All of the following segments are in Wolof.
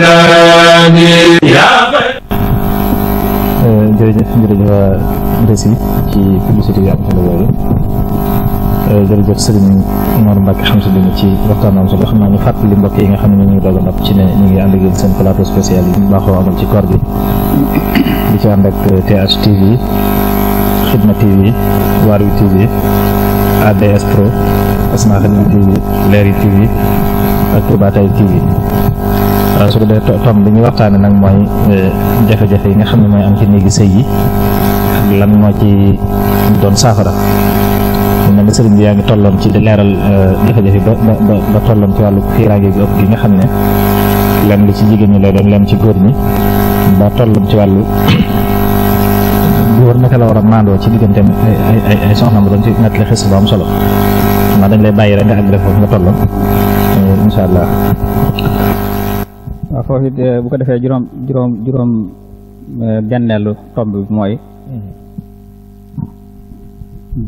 Eh, jërëjëf jërëjëf waa Rési ci publicité bi am solo boobu eh, jërëjëf Serigne Mor Mbacke xam si dina ci waxtaan am solo xam naa ñu fàttali mbokk yi nga xam ne ñu ngi nopp ci ne ñu ngi ànd ak seen plateau spécial yi baaxoo amal ci koor bi di ci ànd ak THTV Xidma TV Waar wi TV ADS Pro Asma Xidma TV Leeri TV ak Touba TV su ko dee tom bi ñu waxtaane nag mooy e, jafe-jafe yi nga xam ne mooy am ci néegi sëy yi lan moo ci doon saafara ñu ne sëriñ bi yaa ngi tolloon ci leeral e, jafe-jafe ba ba ba tolloon wàllu fiiraange gi ëpp gi nga xam ne lenn li ci jigéen ñi lay doon lenn ci góor ñi ba tolloon ci wàllu góor naka la war a ci digganteem ay soxna ma doon ci nettali xis bu am solo ndax dañ lay bàyyi rek nga àgg foofu nga tolloon incha allah. waaw foofu it eh, defee juróom juróom juróom eh, benneelu tomb bi mooy mm-hmm.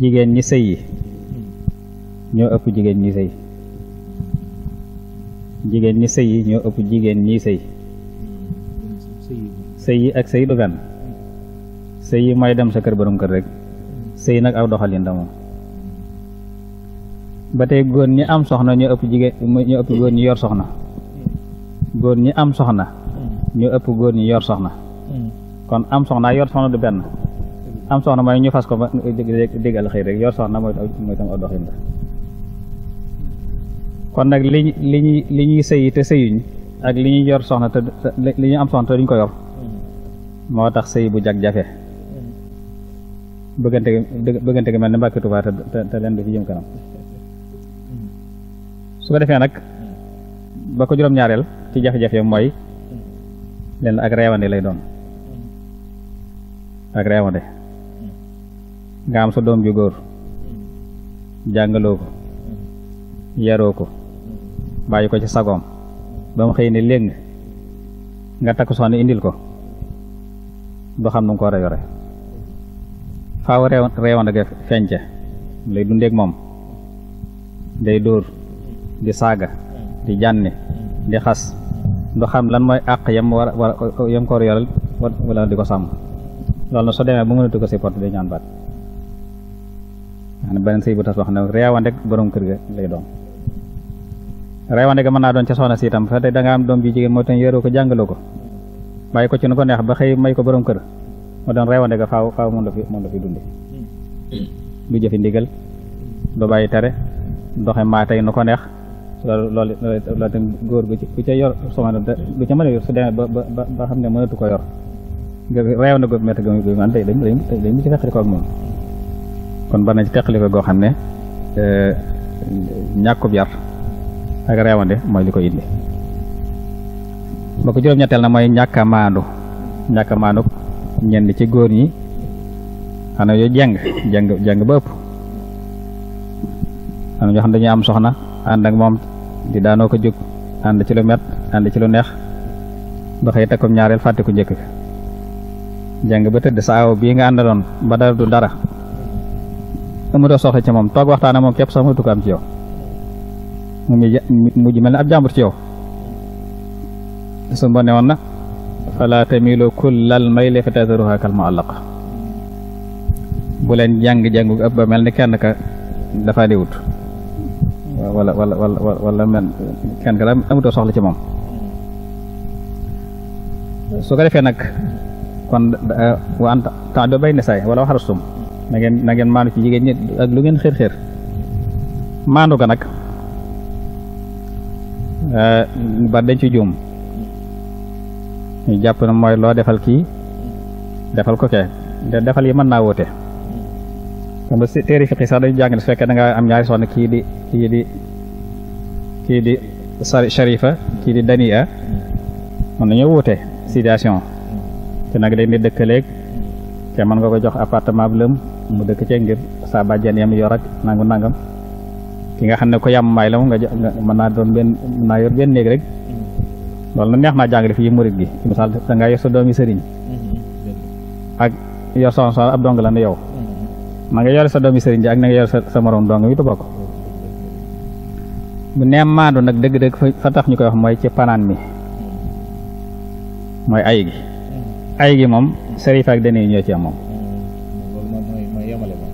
jigéen ñi sëy yi mm-hmm. ñoo ëpp jigéen ñi sëy jigéen ñi sëy yi ñoo ëpp jigéen ñi sëy ak sëy dogan sëy yi mooy dem sa kër borom kër rek sëy nag aw doxalin la moom ba tey góor ñi am soxna ñoo ëpp jigéen ñoo ëpp góor ñi yor soxna góor ñi am soxna hmm. ñu ëpp góor ñi yor soxna hmm. kon am soxna ak yor soxna du benn hmm. am soxna mooy ñu fas ko ba diggal xëy rek yor soxna mooy mooy kon nag li li li ñuy sëyi te sëyuñ ak li ñuy yor soxna te li ñu am soxna te duñ ko yor moo tax sëy bu jag jafe bëggante bëggante gi mel ni mbàkki Tuubaa te te leen du fi jëm kanam su ko defee nag ba ko juróom-ñaareel ci jafe-jafe mooy leen ak reewande lay doon ak reewande nga am sa doom ju góor jàngaloo ko yaroo ko bàyyi ko ci sagoom ba mu xëy ne léeg nga takk soxna indil ko du xam nu nga ko war a yore faaw reew reewande ga feñca lay dundeek moom day dóor di saaga di jànni di xas du xam lan mooy àq yam war war yam ko war yoral wala di ko sàmm loolu na soo demee ba mënatu ko si porte day ñaan baat maanaam beneen sëy bu tas wax ne reewande ak borom kër ga lay doon reewande ga mën naa doon ca soxna si itam fa tey da am doom ji jigéen moo tax yoroo ko jàngaloo ko bàyyi ko ci nu ko neex ba xëy may ko borom kër mu doon reewande ga faaw faaw moom la fi moom la hmm. du jëfi ndigal du bàyyi tere doxe maa nu ko neex lool loolu loolu tam góor gu ci gu ca yor soxnaam gu ba ba ba xam ne mënatu ko yor réew na góob métti góob man day dañ dañ mu ci teqali ko ak moom kon ba na ci teqali ko goo xam ne euh, ñàkkub yar ak reewande mooy li ko indi ba ko juróom-ñetteel na mooy ñàkk maandu ñàkk a maandu ci góor ñi xanaa yooyu jàng jàng jàng ba ëpp xanaa ñoo xam am soxna ànd ak moom di daanoo ko jóg ànd ci lu met ànd ci lu neex ba xëy takkum ñaareel fàtte ku njëkk jàng ba tëdd sa aaw bii nga àndaloon ba dara du dara amutoo soxla ci moom toog waxtaan ak moom képp sax am ci yow mu mujj mel ne ab jàmbur ci yow su ma ne woon na fala tamilu kullal mayli fatazruha kal mu'allaq bu leen jàng jàngu ëpp ba mel ni kenn ka dafa di wut wala wala wala wala man kenn ka la amutoo soxla ci moom su ko defee nag kon wa an ta'du bayna saay wala waxarastum na ngeen na ngeen maandu ci jigéen ñi ak lu ngeen xër xër maandu ga nag eh, ba dañ ci juum ñu jàpp na mooy loo defal kii defal ko kee defal yi mën naa woote xam nga si téere fiqi sax dañu jàngale su fekkee da ngaa am ñaari soxna kii di di kii di kii di dania mën nañoo wuute te nag day ni dëkkaleeg mën nga ko jox appartement bu lëm mu dëkk cee ngir sa bàjjen yam yor ak nangu nangam ki nga xam ne ko yam maay nga mën naa doon benn naa yor benn néeg rek loolu na neex naa jàngale fii murit gi misaal da ngaa yor sa doomi sëriñ mm-hmm. ak yor soxna ab dong la ne yow na nga yore sa doomi sëriñ ji ak na nga yore sa sa moroom dong wi du bokk bu nee maandu nag dëgg-dëgg fa tax ñu koy wax mooy ci panaan mi mooy ay gi ay gi moom sërif ak dene ñoo ci moom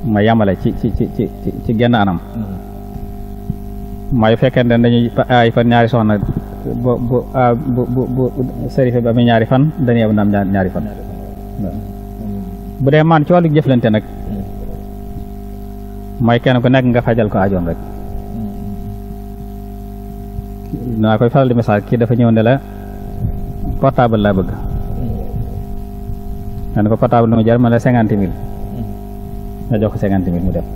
mooy yamale ci ci ci ci ci genn anam mooy fekkente ne dañuy ay fan ñaari soxna bu bu bu bu ba mu ñaari fan dañuy am ndam ñaari fan bu dee maan ci wàllu jëflante nag mooy kenn ku nekk nga fajal ko ajoom rek naa koy faral di misaal kii dafa ñëw ne la portable laa bëgg nga ne ko portable lu mu jar ma la cinquante mille nga jox ko cinquante mille mu dem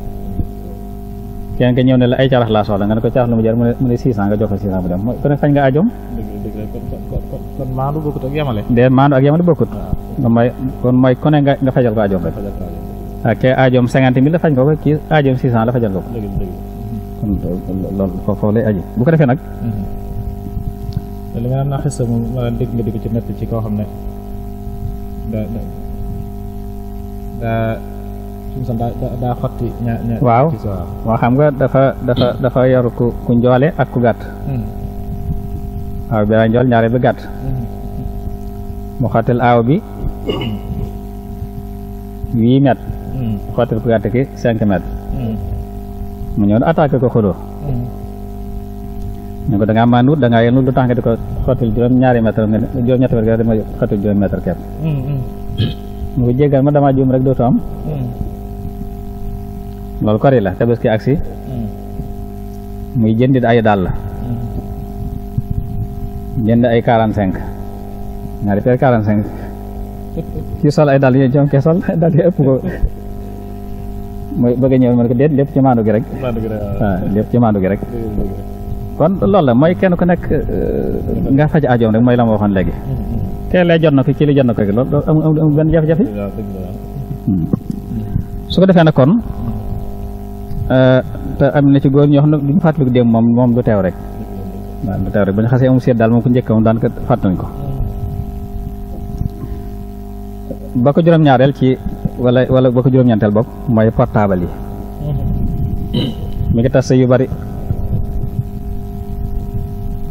kenn nga ñëw ne la ay carax laa soxla nga ne ko carax lu mu jar mu ne mu ne six cent nga jox ko six cent mu dem mooy kon fañ nga ajoom kon maandu ak yemale de maandu ak yemale ah. kon mooy kon nga fajal ko ajoom rek ak ah, kee aajoom cinquante mille la faj nga ko kii aajoom six la fajal nga ko. dëgg dëgg kon loolu bu ko defee nag. Mm-hmm. li koo xam ne daa waaw waaw xam nga dafa dafa dafa yor ku ku njoole ak ku gàtt mm-hmm. aaw bi daa njool ñaare bi gàtt mm-hmm. mu xottil aaw bi huit mètres xottil mm. ku gàtt cinq mètres mm. mu ñëw attaqué ko xuloo ñu mm. ko da ngaa maanut da ngaa lu tax nga di ko xottil juróom ñaari mètre nga juróom mu ko jéggal ma damaa juum rek dootu am loolu kori la tabaski agsi muy jëndit ay dàll jënd ay quarante cinq ñaari cinq ci sol ay dàll yooyu jom ke sol dàll yi ëpp ko mooy bëgg a ñëw ma ne ko déet lépp ci maandu gi rek waaw lépp ci maandu gi rek kon lool la mooy kenn ku nekk euh, nga faj ajoom rek mooy la ma waxoon léegi mm-hmm. teel na ci li jot na ko rek loolu amul hmm. su ko defee nag kon euh, te am na ci góor ñoo xam ne duñu fàttaliku démb moom moom du teew rek waaw bu ñu xasee amul seet daal moom ko njëkk moom daan ko fàttaluñ ko mm-hmm. ba ko juróom-ñaareel ci wala wala ba ko juróom-ñeenteel bopp mooy portable yi mm-hmm. ngi tas yu bari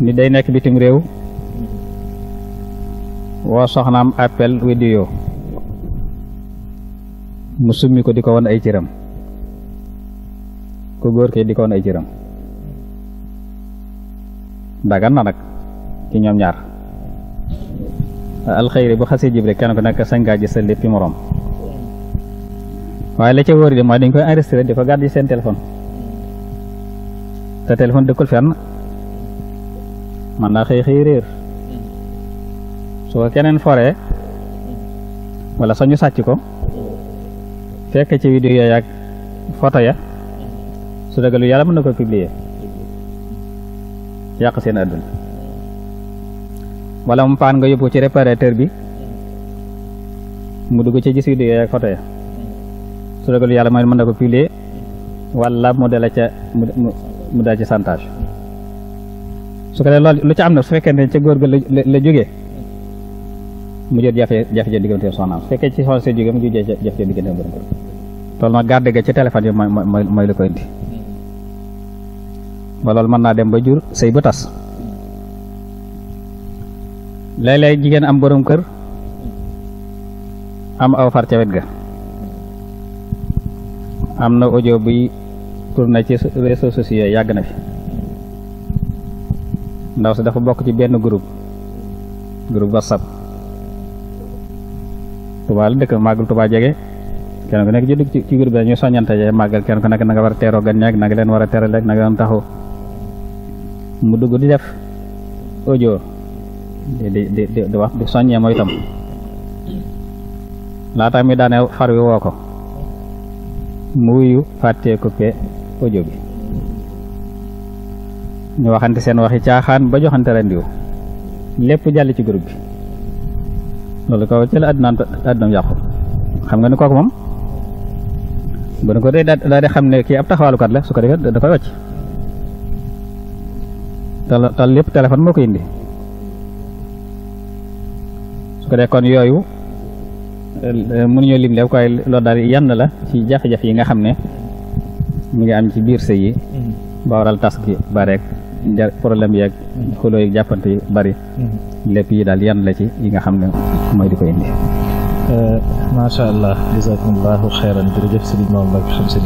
ni day nekk bitim réew woo soxnaam appel vidéo mu summi ko di ko won ay cëram ku góor kee di ko won ay cëram dagan na nag ci ñoom ñaar alxayri bu xasee jib rek kenn ko nekk sañ ngaa sa lépp moroom waaye la ca wóor de mooy koy enregistré di ko garder seen téléphone te téléphone dëkkul fenn man naa xëy xëy su ko keneen foree wala sañu sàcc ko fekk ci vidéo yooyu ya su dëggalu yàlla mën na ko publier yàq seen àdduna wala mu paan nga yóbbu ci réparateur bi mu dugg ci gis vidéo yooyu ya su dogalu yàlla mooy mën na ko piler wala mu dala ca mu dala ci santage su ko dee loolu lu ca am na su fekkee ne ca góor ga la jógee mu jot jafe jafe ja diggante soxnaam su fekkee ci soxna see jógee mu jot jafe ja diggante borom kër loolu nag garde ga ci téléphone yi mooy mooy mooy lu ko indi mën naa dem ba jur sëy ba tas léeg-léeg jigéen am borom kër am aw far ca wet ga am na audio bi tourné ci réseaux sociaux yàgg na fi ndaw su dafa bokk ci benn groupe groupe whatsapp Touba la dëkk màggal Touba jege kenn ku nekk ci dugg ci groupe bi ñu soññante jee màggal kenn ku nekk na war a teeroo gan ñaag na leen war a teral ak na nga leen taxaw mu dugg di def audio di di di di wax di soññee mooy tam laata mi daane far wi woo ko mu wuyu fàttee coupé audio bi ñu waxante seen waxi caaxaan ba joxante rendiw lépp jàll ci groupe bi loolu kaw ci la addunaam addunaam yàqu xam nga ni kooku moom bu nu ko dee daal di xam ne kii ab taxawaalukat la su ko defee da koy wàcc tal lépp téléphone moo ko indi su ko dee kon yooyu Euh, mënuñoo lim lépp waaye loolu daal yenn la ci jafe-jafe yi nga xam ne mu ngi am ci biir sëy yi mm-hmm. ba waral tas gi bareek problème yeeg mm-hmm. xuloo yi jàppante yi mm-hmm. lépp yi daal yenn la ci yi nga xam ne mooy di ko indi euh, macha allah jazakumullahu xayran jërëjëf sëriñ moom bak xam sa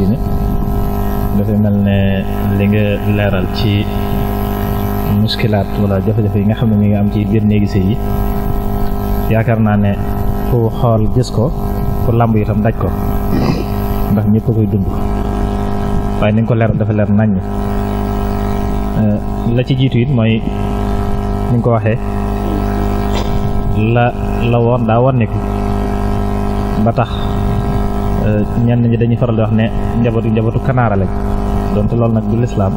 leeral ci muskilaat wala yi nga xam ne mi ngi am ci biir néegi sëy yi yaakaar naa ne ku xool gis ko ku làmb yi itam daj ko ndax ñëpp koy dund waaye ni ko leeral dafa leer naññ eh, la ci jiitu it mooy nuñ ko waxee la la woon daa wanniku ba tax eh, ñenn ñi dañuy faral di wax ne njabootu njabootu kanaara doon donte loolu nag du lislaam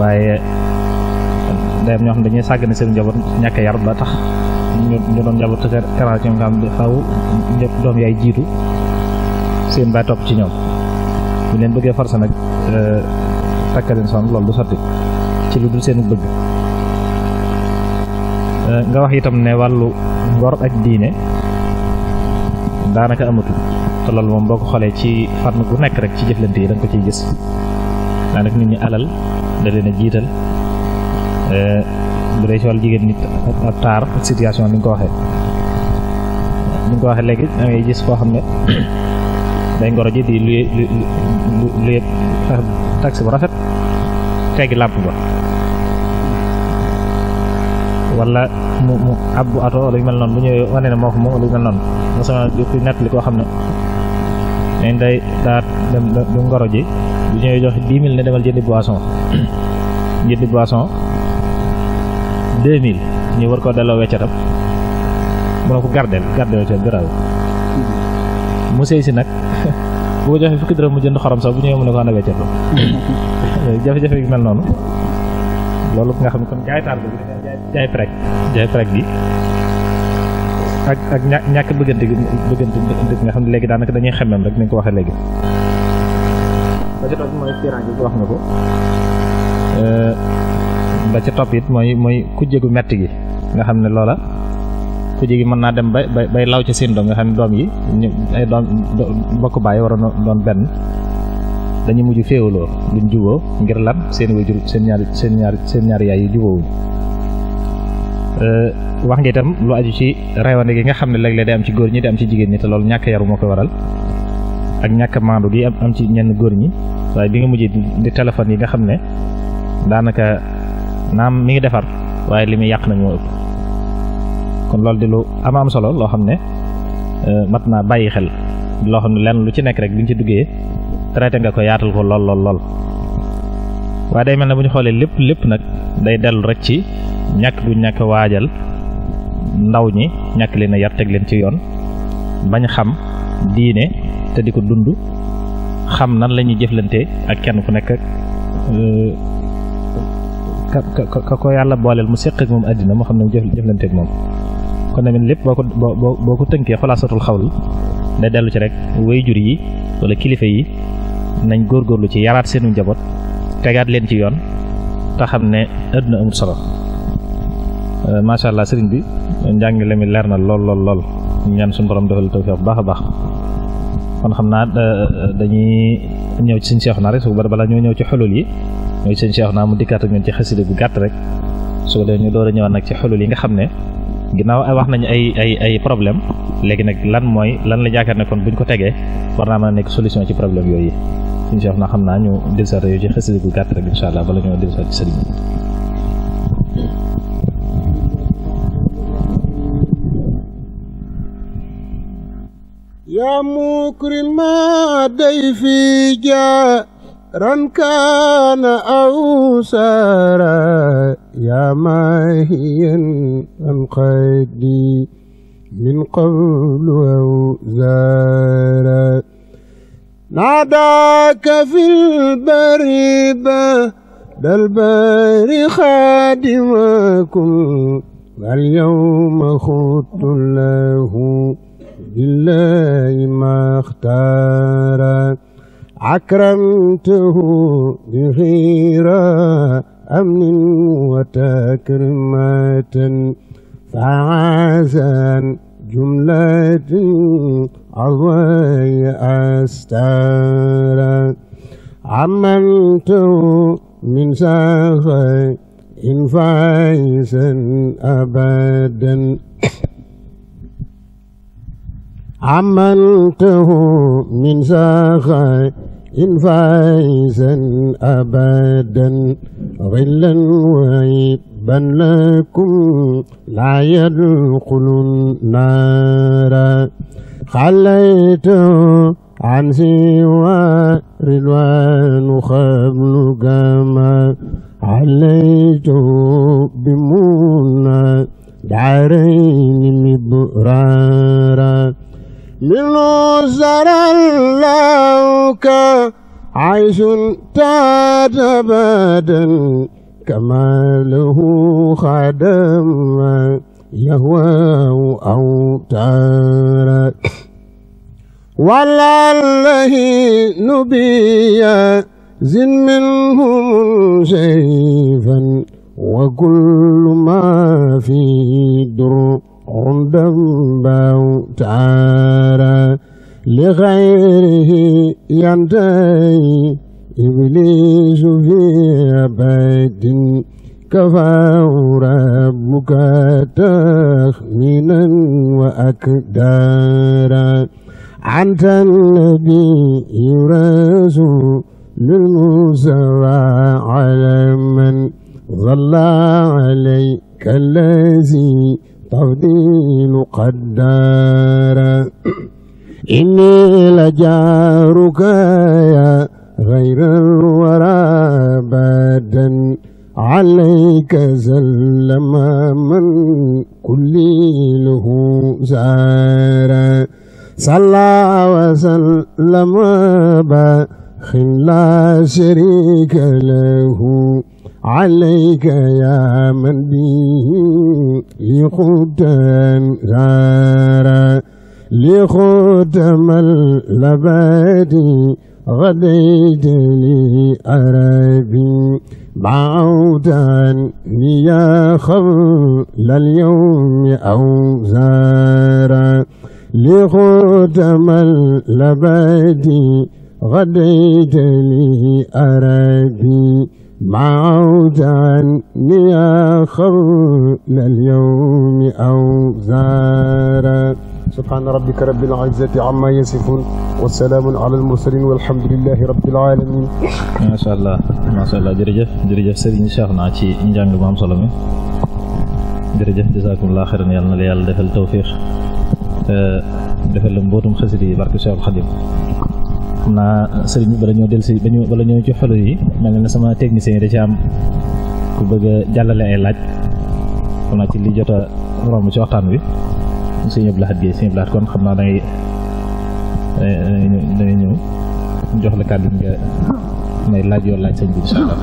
waaye dayam ñoo xam dañuy sàgg ne seen njaboot ñàkk yar ba tax ñu doon njabootu kanam ci nga xam ne faaw doom yaay jiitu seen baay topp ci ñoom bu leen bëggee forcé nag euh, takkaleen soxna loolu du sotti ci lu dul seen bëgg euh, nga wax itam ne wàllu ngor ak diine daanaka amatul te loolu moom boo ko xoolee ci fànn bu nekk rek ci jëflante yi da nga ko ciy gis daanaka nit ñi alal da leen a jiital euh, bu dee ci wàllu jigéen nit ab taar situation ni nga ko waxee ni nga ko waxee léegi da ngay gis koo xam ne day ngoro ji di luye luye taxi bu rafet teggi làmp ba wala mu mu ab bu ato wala yu mel noonu bu ñëwee wane ne moo koo xam ne dañ day daa dem du ngoro ji bu ñëwee joxe dix ne demal jëndi boisson jëndi boisson deux mille ñu war koo delloo weccatam mu ne ko gardel gardel weccat garaaw mm-hmm. mu sëy si nag boo ko joxee fukki dërëm mu jënd xorom sax bu ñëwee mu ne ko ana weccat ba mm-hmm. jafe-jafe yu mel nga xam ne kon jaay taar bi jaay prek bi ak ak ñàkk bëggante gi bëggante nga xam ne léegi daanaka dañuy xemmem rek ni ko waxee léegi ba wax na ko euh, ba ci topp it mooy mooy kujje gu metti gi nga xam ne loola kujje gi mën naa dem ba bay bay law ci seen doom nga xam ne doom yi ñu ay doom mbokk bàyyi waroon doon benn dañu mujj féewaloo duñ juboo ngir lan seen wajur seen ñaari seen ñaari seen ñaari yaay yi juboowuñ euh, wax nga tam lu aju ci reewande gi nga xam ne léeg-léeg day am ci góor ñi day am ci jigéen ñi te loolu ñàkk yaru moo ko waral ak ñàkk maandu gi am am ci ñenn góor ñi waaye bi nga mujjee di téléphone yi nga xam ne daanaka naam mi ngi defar waaye li muy yàq nag moo ëpp kon loolu di lu am am solo loo xam ne euh, mat naa bàyyi xel loo xam lenn lu ci nekk rek li ñu ci duggee traité nga ko yaatal ko lool lool lool waaye day mel ne bu ñu xoolee lépp lépp nag day dellu rek ci ñàkk gu ñàkk waajal ndaw ñi ñàkk leen a yar teg leen ci yoon bañ xam diine te di ko dund xam nan la ñuy jëflante ak kenn ku nekk euh, ka ka ko yàlla booleel mu seq ak moom àddina moo xam ne mu jëflanteeg moom kon tamit lépp boo ko boo ko tënkee xolaasatul xawl da dellu ci rek wayjur yi wala kilifa yi nañ góorgóorlu ci yaraat seenu njaboot tegaat leen ci yoon te xam ne àddina amul solo euh, macha allah sëriñ bi la mi leer na lool lool lool ñaan suñu borom defal tawfiq bu baax a baax. kon xam naa euh, euh, dañuy ñëw ci sëñ Cheikh naa rek su ko balaa ñoo ñëw ci xulul yi ñëw ci sëñ Cheikh naa mu dikkaat ak ñun ci xasida gu gàtt rek su ko ñu door a nag ci xulul yi nga xam ne ginnaaw wax nañu ay ay ay problème léegi nag lan mooy lan la jaakaar ne kon buñ ko tegee war naa mën a nekk solution ci problème yooyu sëñ Cheikh naa xam naa ñu dellusiwaat yooyu ci xasida gu gàtt rek incha allah bala ñoo dellusiwaat ci sëriñ يا مكرم ضيفي جاء ران كان أو سارا يا ماهيا عن قيدي من قبل أو زارا ناداك في البريبة بالبر خادمكم واليوم خط له لله ما اختار أكرمته بغير أمن وتكرمة فعازا جملة عضي أستار عملته من ساخي إن فايسا أبدا عملته من سخاء فايزا أبدا غلا وعيبا لكم لا يدخلون نارا خليته عن سوى رضوان خبل كما عليته بمنى دارين مبرارا لنزرا لوك عيش تتبدا كماله خدم يهوى أو تارا ولعله نبيا زن منهم سيفا وكل ما في در عمدا الله تعالى لغيره ينتهي إبليس في بيت كفاه ربك تخمينا وأكدارا أنت الذي يرسل للمستوى على من ظل عليك الذي تفضيل قدارا إني لجارك يا غير الورى بادا عليك سلم من كل له زارا صلى وسلم باخ لا شريك له عليك يا من به لخدم زار لخدم الأبد غديت لي أربي بعودا يا خبل اليوم أو زار لخدم الأبد غديت لي أربي موجعني خول اليوم أوزارا سبحان ربك رب العزة عما يصفون والسلام على المرسلين والحمد لله رب العالمين ما شاء الله ما شاء الله جرجف جرجف سيدي شيخ ناتي نجان بام سلام جرجف جزاكم الله خيرا يالنا ليال دفل التوفيق دفل مبوتم خسري بارك شيخ الخديم xam naa sëriñ bi bala del si bañu bala ci xolu yi mel na sama technicien yi da ci am ku bëgg a jàllale ay laaj xam naa ci li jot a romb ci waxtaan wi sëñ Abdou Lahad Guèye sëñ kon xam naa da ngay ñëw jox la kàddu nga may laaj yoo laaj sëñ bi incha allah.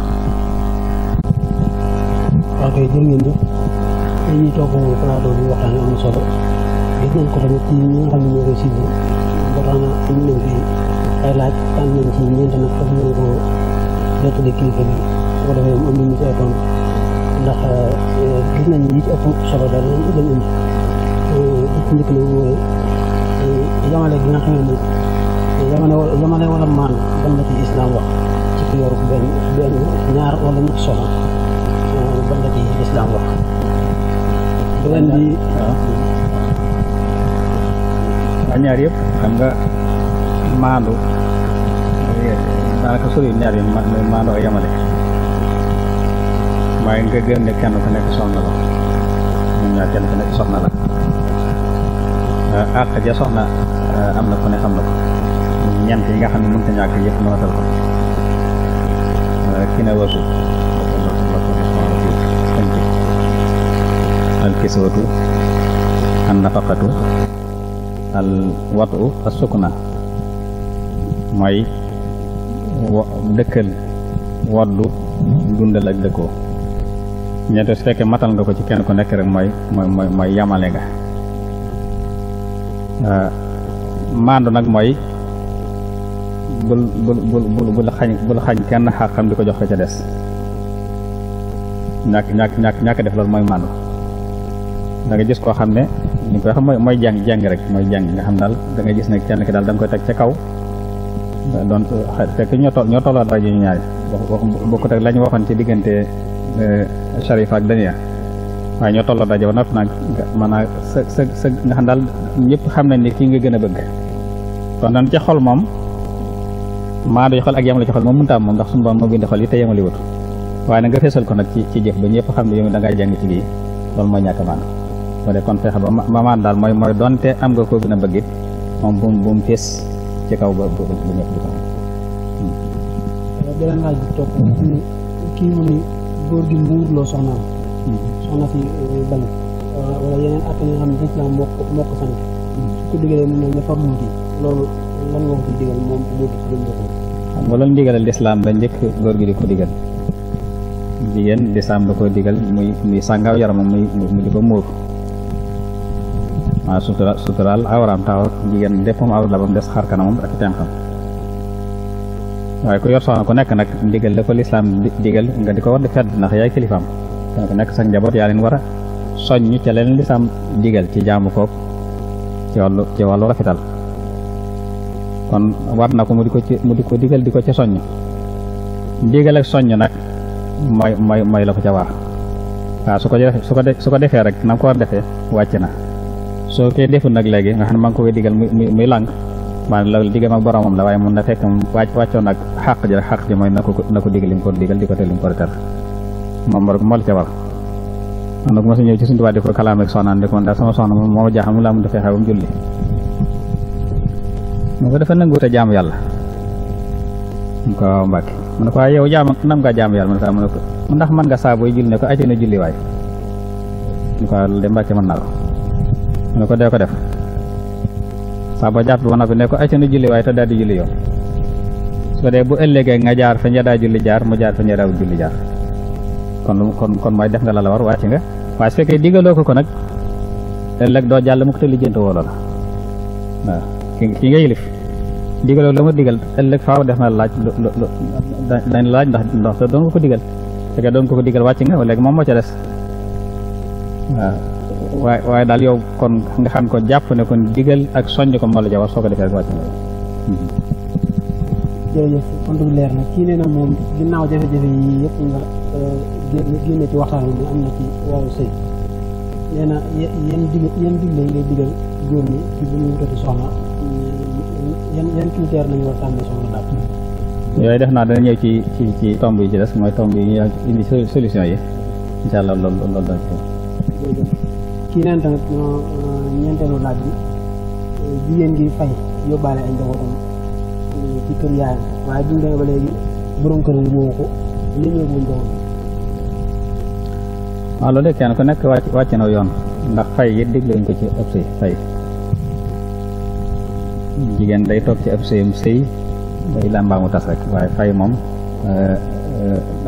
waaw kay jërë ngeen jëf tey ñuy toog moom plateau bi waxtaan am na ay laaj am nañ ci ñeenti nag foofu ñu ngi ko jottali kilifa bi su ko defee mu am ay tontu ndax euh, gis nañ li ci solo daal lañ lañ indi euh, ci njëkk euh, yamale gi nga xam ne yamale wala yamale wala maan ban la ci islam wax ci ku yor benn benn ñaar wala ñett soxna ban la ñaar yëpp xam nga. maandu daanaka sori ñaar yi ma maandu ak yamale waaye nga gëm ne kenn ku nekk soxna la ñun soxna la àq ja soxna am na ku ne xam na ko ñent yi nga xam ne mënut a ñàkk yëpp nootal ko ki ne wasu al kiswatu an nafaqatu al watu as mooy dëkkal waddu dundal ak dëkkoo ñeente su fekkee matal nga ko ci kenn ku nekk rek mooy mooy mooy yamale nga ah, maandu nag mooy bul bul bul bul xañ bul xañ kenn xam di ko jox ko ca des ñàkk ñàkk ñàkk ñàkk def loolu mooy maandu da nga gis koo xam ne ñu nga koy xam mooy mooy jàng jàng rek mooy jàng nga xam daal da nga gis ne kenn ki daal da nga koy teg ca kaw donc fekk ñoo toll ñoo tolloo dara ji ñaar wax bokkut la ñu waxoon ci diggante eh, Sharif ak Daniya ñoo tolloo daje ba noppi nag maanaam sa sa sa nga xam ñëpp xam nañ ni kii nga gën bëgg kon dañ ca xol moom maa doy xol ak yamale ci xol moom mënta am moom ndax suñu borom moo bind xol yi te yamale wut waaye ci ci jëf ba ñëpp xam ne yow da ngaa ci lii loolu mooy ñàkk maan moo de kon fexe ba ma maan daal mooy mooy donte am nga koo gën a bëgg it moom bu mu fees ci kaw ba ba ba ñëpp di ko gi mu wutloo soxnaam. soxna si eh, bañ. Ah, wala yeneen at yi nga xam ne sant. su ko digalee mu ne ñafa muuti loolu lan nga ko digal moom muuti si xam nga loolu ndigalal lislaam la njëkk góor gi di ko digal. jigéen lislaam da ko digal muy muy sàngaaw yaramam muy mu di ko muur. maanaam sutura suturaal awraam taxaw jigéen lépp mu awra la ba waaye ku yor soxna ku nekk nag ndigal la ko lislaam digal nga di ko war di fedd ndax yaay kilifaam kon ku nekk sa njaboot yaa leen war a soññ ca leen lislaam digal ci jaamu koog ci wàllu ci wàllu rafetal kon war na ko mu di ko mu di ko digal di ko ca soññ digal ak soññ nag mooy mooy mooy la ko ca war waaw su ko su ko defee rek na ko defee wàcc na soo koy deful nag léegi nga xam ne maa ngi ko koy digal muy muy la waaye mun na fekk wàcc wàccoon ak xàq ji rek xàq ji na ko na ko digal li di ko teel li mu ko teel moom moo la ca war. man nag a ñëw ci suñu tubaab di ko kalaam ak soxnaam di ko man moo jaaxal mu la amul dafay xew julli mu ko dafa nangu te jaamu yàlla mu ko waaw mbàkke ne ko waaye yow jaam nam ngaa yàlla mu ne ko am ndax mën nga saa booy julli ne ko ajee na julli waay mu ko de mbàkke mën naa ko mu ne ko dee ko def saaba jàpp ba noppi ne ko acca na julli waaye te daal di julli yow su dee bu ëllëgee nga jaar fa ña daa julli jaar mu jaar fa ña julli jaar kon kon kon mooy def nga la la war wàcc nga waaye su fekkee digaloo ko ko nag ëllëg doo jàll mu ko te lijjanti woolo la waaw ki nga yilif digaloo la ma digal ëllëg faaw def na laaj dañ laaj ndax ndax doon nga ko digal fekkee doon ko ko digal wàcc nga léegi moom moo ca des waaw waaye waaye daal yow kon nga xam ko jàpp ne kon digal ak soññ ko moo la jawar soo ko defee rek wàcc hmm. na kii nee na moom ginnaaw jafe-jafe yi yëpp nga euh, génne ci waxtaan bi am na ci waaw sëy góor ñi ci bu ñu wutati soxna yan yan critère lañu war tànn soxna daal yooyu def naa dana ñëw ci ci ci tomb yi ci des mooy tomb yi ñu indi solution yi incha allah loolu loolu kii neen tamit ñeenteelu laaj bi euh, jigéen gi fay yóbbaale ay njabootam euh, ci kër yaayam waaye bi mu ba léegi borom kër yi moo ko li ñëw bu njaboot loolu de kenn ku nekk wàcc wàcc na yoon ndax fay yi digle ñu ko ci ëpp sëy fay jigéen day toog ci ëpp sëyum sëy day làmbaamu tas rek waaye fay moom euh,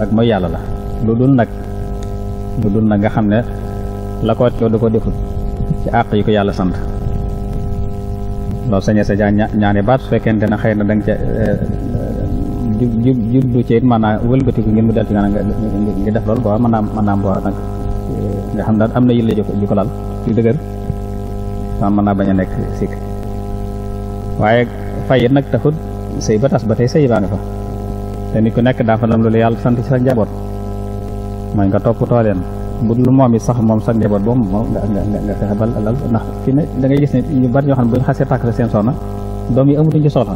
ak mooy yàlla la lu dul nag lu dul nag nga xam ne la ko da ko deful ci àq yi ko yàlla sant loolu sañee sa jaan ñaani baat su fekkente na xëy na danga ca jub eh, jub jublu man naa maanaam wëlbatiku ngir mu del ci maanaam nga def loolu boo mën naa xam daal am na yëlle ju ko ci mën naa bañ a nekk sikk waaye fay nag taxut sëy ba tas ba tey sëy baa nga fa te nit ku nekk daa fa lam loolu yàlla sant ci sa njaboot mooy nga toppatoo leen bu dul moom it sax moom sax njaboot boobu moom nga nga nga ba lal ndax fi ne da ngay gis ne ñu bari ñoo xam ne bu ñu xasee tàkk seen soxna doom yi amatuñ ci soxla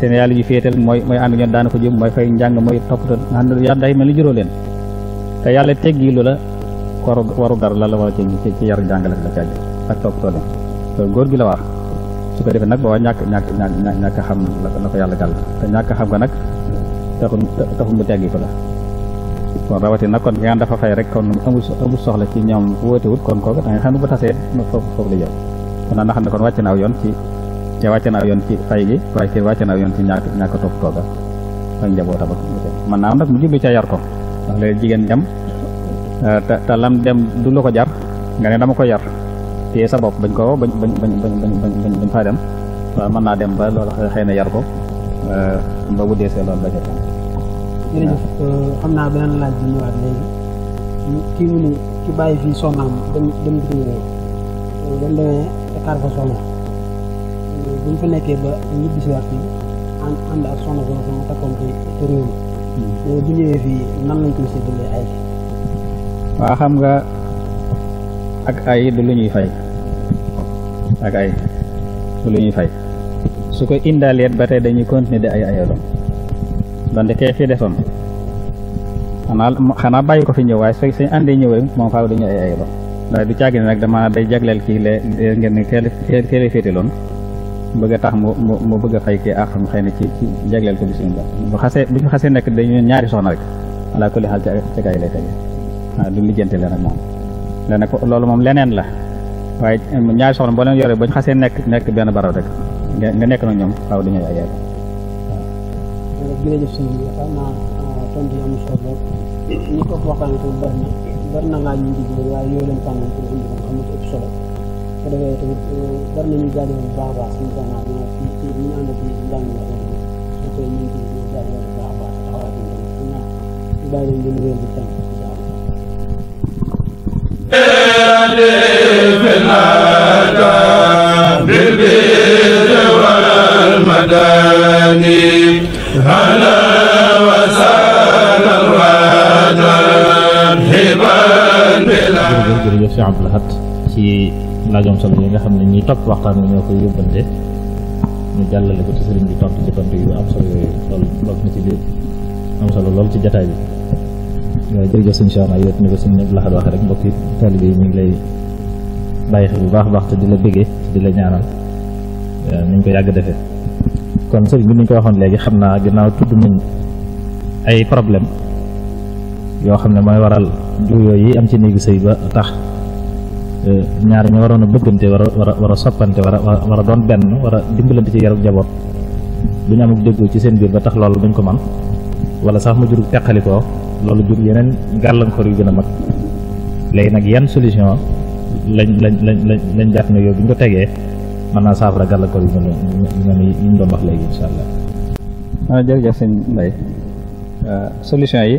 seen yàlla yu féetal mooy mooy ànd ñoom daana ko jëm mooy fay njàng mooy toppatoo nga xam yàlla day mel ni juróo leen te yàlla teggilu la waru waru gar la la war a ci ci yar jàngale la càgg ak toppatoo leen loolu gi la wax su ko defee nag booba ñàkk ñàkk ñàkk ñàkk xam la ko yàlla gàll te ñàkk xam nga nag taxul taxul mu teggi ko la kon rawati kon ki nga dafa fay rek kon amul amul soxla ci ñoom wóotewut kon kooku da nga xam ne bu tasee foofu foofu la jëm kon ndax ne kon wàcc naaw yoon ci te wàcc naaw yoon ci fay gi waaye te wàcc naaw yoon ci ñàkk ñàkk topp tooga ak njabootam ak mën naa am nag mu jublu ca yar ko ndax léegi jigéen dem euh, te te lam dem du la ko jar nga ne dama ko yar te sa bopp bañ ko bañ bañ bañ bañ bañ faa dem waaye mën naa dem ba loolu xëy na yar ko euh, ba bu deesee loolu la jot jërëjëf xam euh, naa beneen laaj bi ñëwaat léegi kii mu ne ki bàyyi fii soxnaam dem dem bi réew euh, dem demee écart fa soxna euh, bu ñu fa nekkee ba ñibbi si waat fii ànd ànd ak soxna soxna sama takkoon ci ci réew mi hmm. bu ñëwee fii nan lañ koy séddalee ay waa xam nga ak ay du lu ñuy fay ak ay du lu ñuy fay su ko indaalee ba tey dañuy continuer di ay ayaloon donte kee fi desoon xanaa xanaa bàyyi ko fi ñëw waaye su suñ àndee ñëw rek moom faaw dañu ay ay ba ndax du caagi ne nag dama day jagleel kii la ngeen teel teel féete loon bëgg tax mu mu mu bëgg a xëy na ci ci jagleel ko bis bu xasee bu ñu xasee nekk dañu ñaari soxna rek alaa kulli xaal ca kaay lay tege waaw du lijjante leen ak moom la nag loolu moom leneen la waaye ñaari soxna boo leen yoree ba ñu xasee nekk nekk benn barab rek nga nekk na ñoom faaw dañu ay ay jërëjëf sëñ bi xam naa ah, tontu yi am solo ñi ko waxtaan itam bari na bari na laaj ñu ngi jóg waaye yooyu lañ tànnoon pour indi ko xam ne ëpp solo su ko defee tamit eh, bari nañu jaajëfal bu baax a baax suñu gannaaw ñu ñu ànd ci njàng mi ak ñu ngi ci jaajëfal bu baax a baax xawaat yi xam naa ñu bàyyi leen ngeen wéyal di tànn incha allah. jërëjëf Cheikh Abdoul Ahad ci laajam solo yi nga xam ne ñi topp waxtaan bi ñoo koy yóbbante ñu jàllale ko ci sëriñ bi tontu ci tontu yu am solo yooyu loolu bokk na ci biir am solo lool ci jataay bi waaye jërëjëf suñu Cheikh Ahmad ko suñu Abdoul Ahad waxee rek mbokki taalibe bi ñu lay bàyyi xel bu baax a baax te di la bëggee te di la ñaanal ni ko yàgg defe kon sëriñ bi ni ñu ko waxoon léegi xam naa ginnaaw tudd nañ ay problème yoo xam ne mooy waral juyoo yi am ci néegu sëy ba tax euh, ñaar ñu waroon a bëggante war a war soppante war doon benn war a dimbalante ci yarub jaboot bu ñu amuk déggoo ci seen biir ba tax loolu duñ ko man wala sax mu jur teqalikoo loolu jur yeneen gàllankoor yu gën a mag léegi nag yan solution lañ lañ lañ lañ jàpp ne yow bu ñu ko tegee mën naa saafara gàllankoor yu mel ne yi ñu doon wax léegi incha allah. waaw ah, ah, solution yi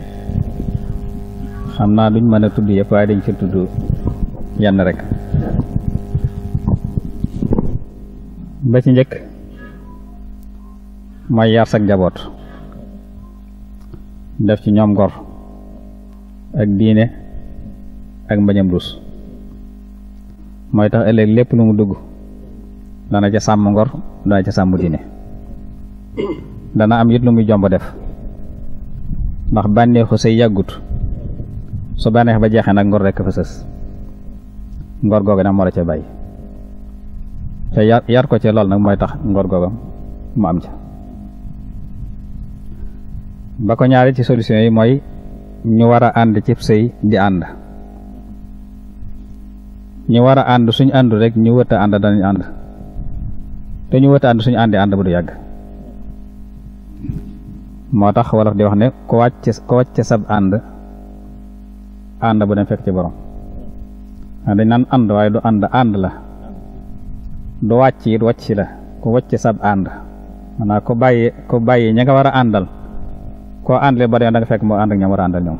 xam naa duñ mën a tudd yëpp waaye dañ ci tudd yenn rek ba ci njëkk mooy yar sag njaboot def ci ñoom ngor ak diine ak mbañam rus mooy tax ëllëg lépp lu mu dugg. dana ca sàmm ngor dana ca sàmm diine dana am it lu muy jomb def ndax bànneexu say yàggut su bànneex ba jeexee nag ngor rekk fa sës ngor googa nag moo ca bàyyi te yar yar ko ca lool nag mooy tax ngor googam mu am ca ba ko ñaari ci solution yi mooy ñu war a ànd cib sëy di ànd ñu war a ànd suñu àndu rek ñu wëtt ànd danañ ànd te ñu wëtaand suñu àndi ànd ba du yàgg moo tax wolof di wax ne ku wàcc ku sab ànd ànd bu dem fekk ci borom dañ naan ànd waaye du ànd ànd la du wàcc it wàcc la ku wàcc sab ànd maanaam ku bàyyi ku bàyyi ña nga war a àndal koo àndle ba dee da nga fekk moo ànd ak ñoom war a àndal ñoom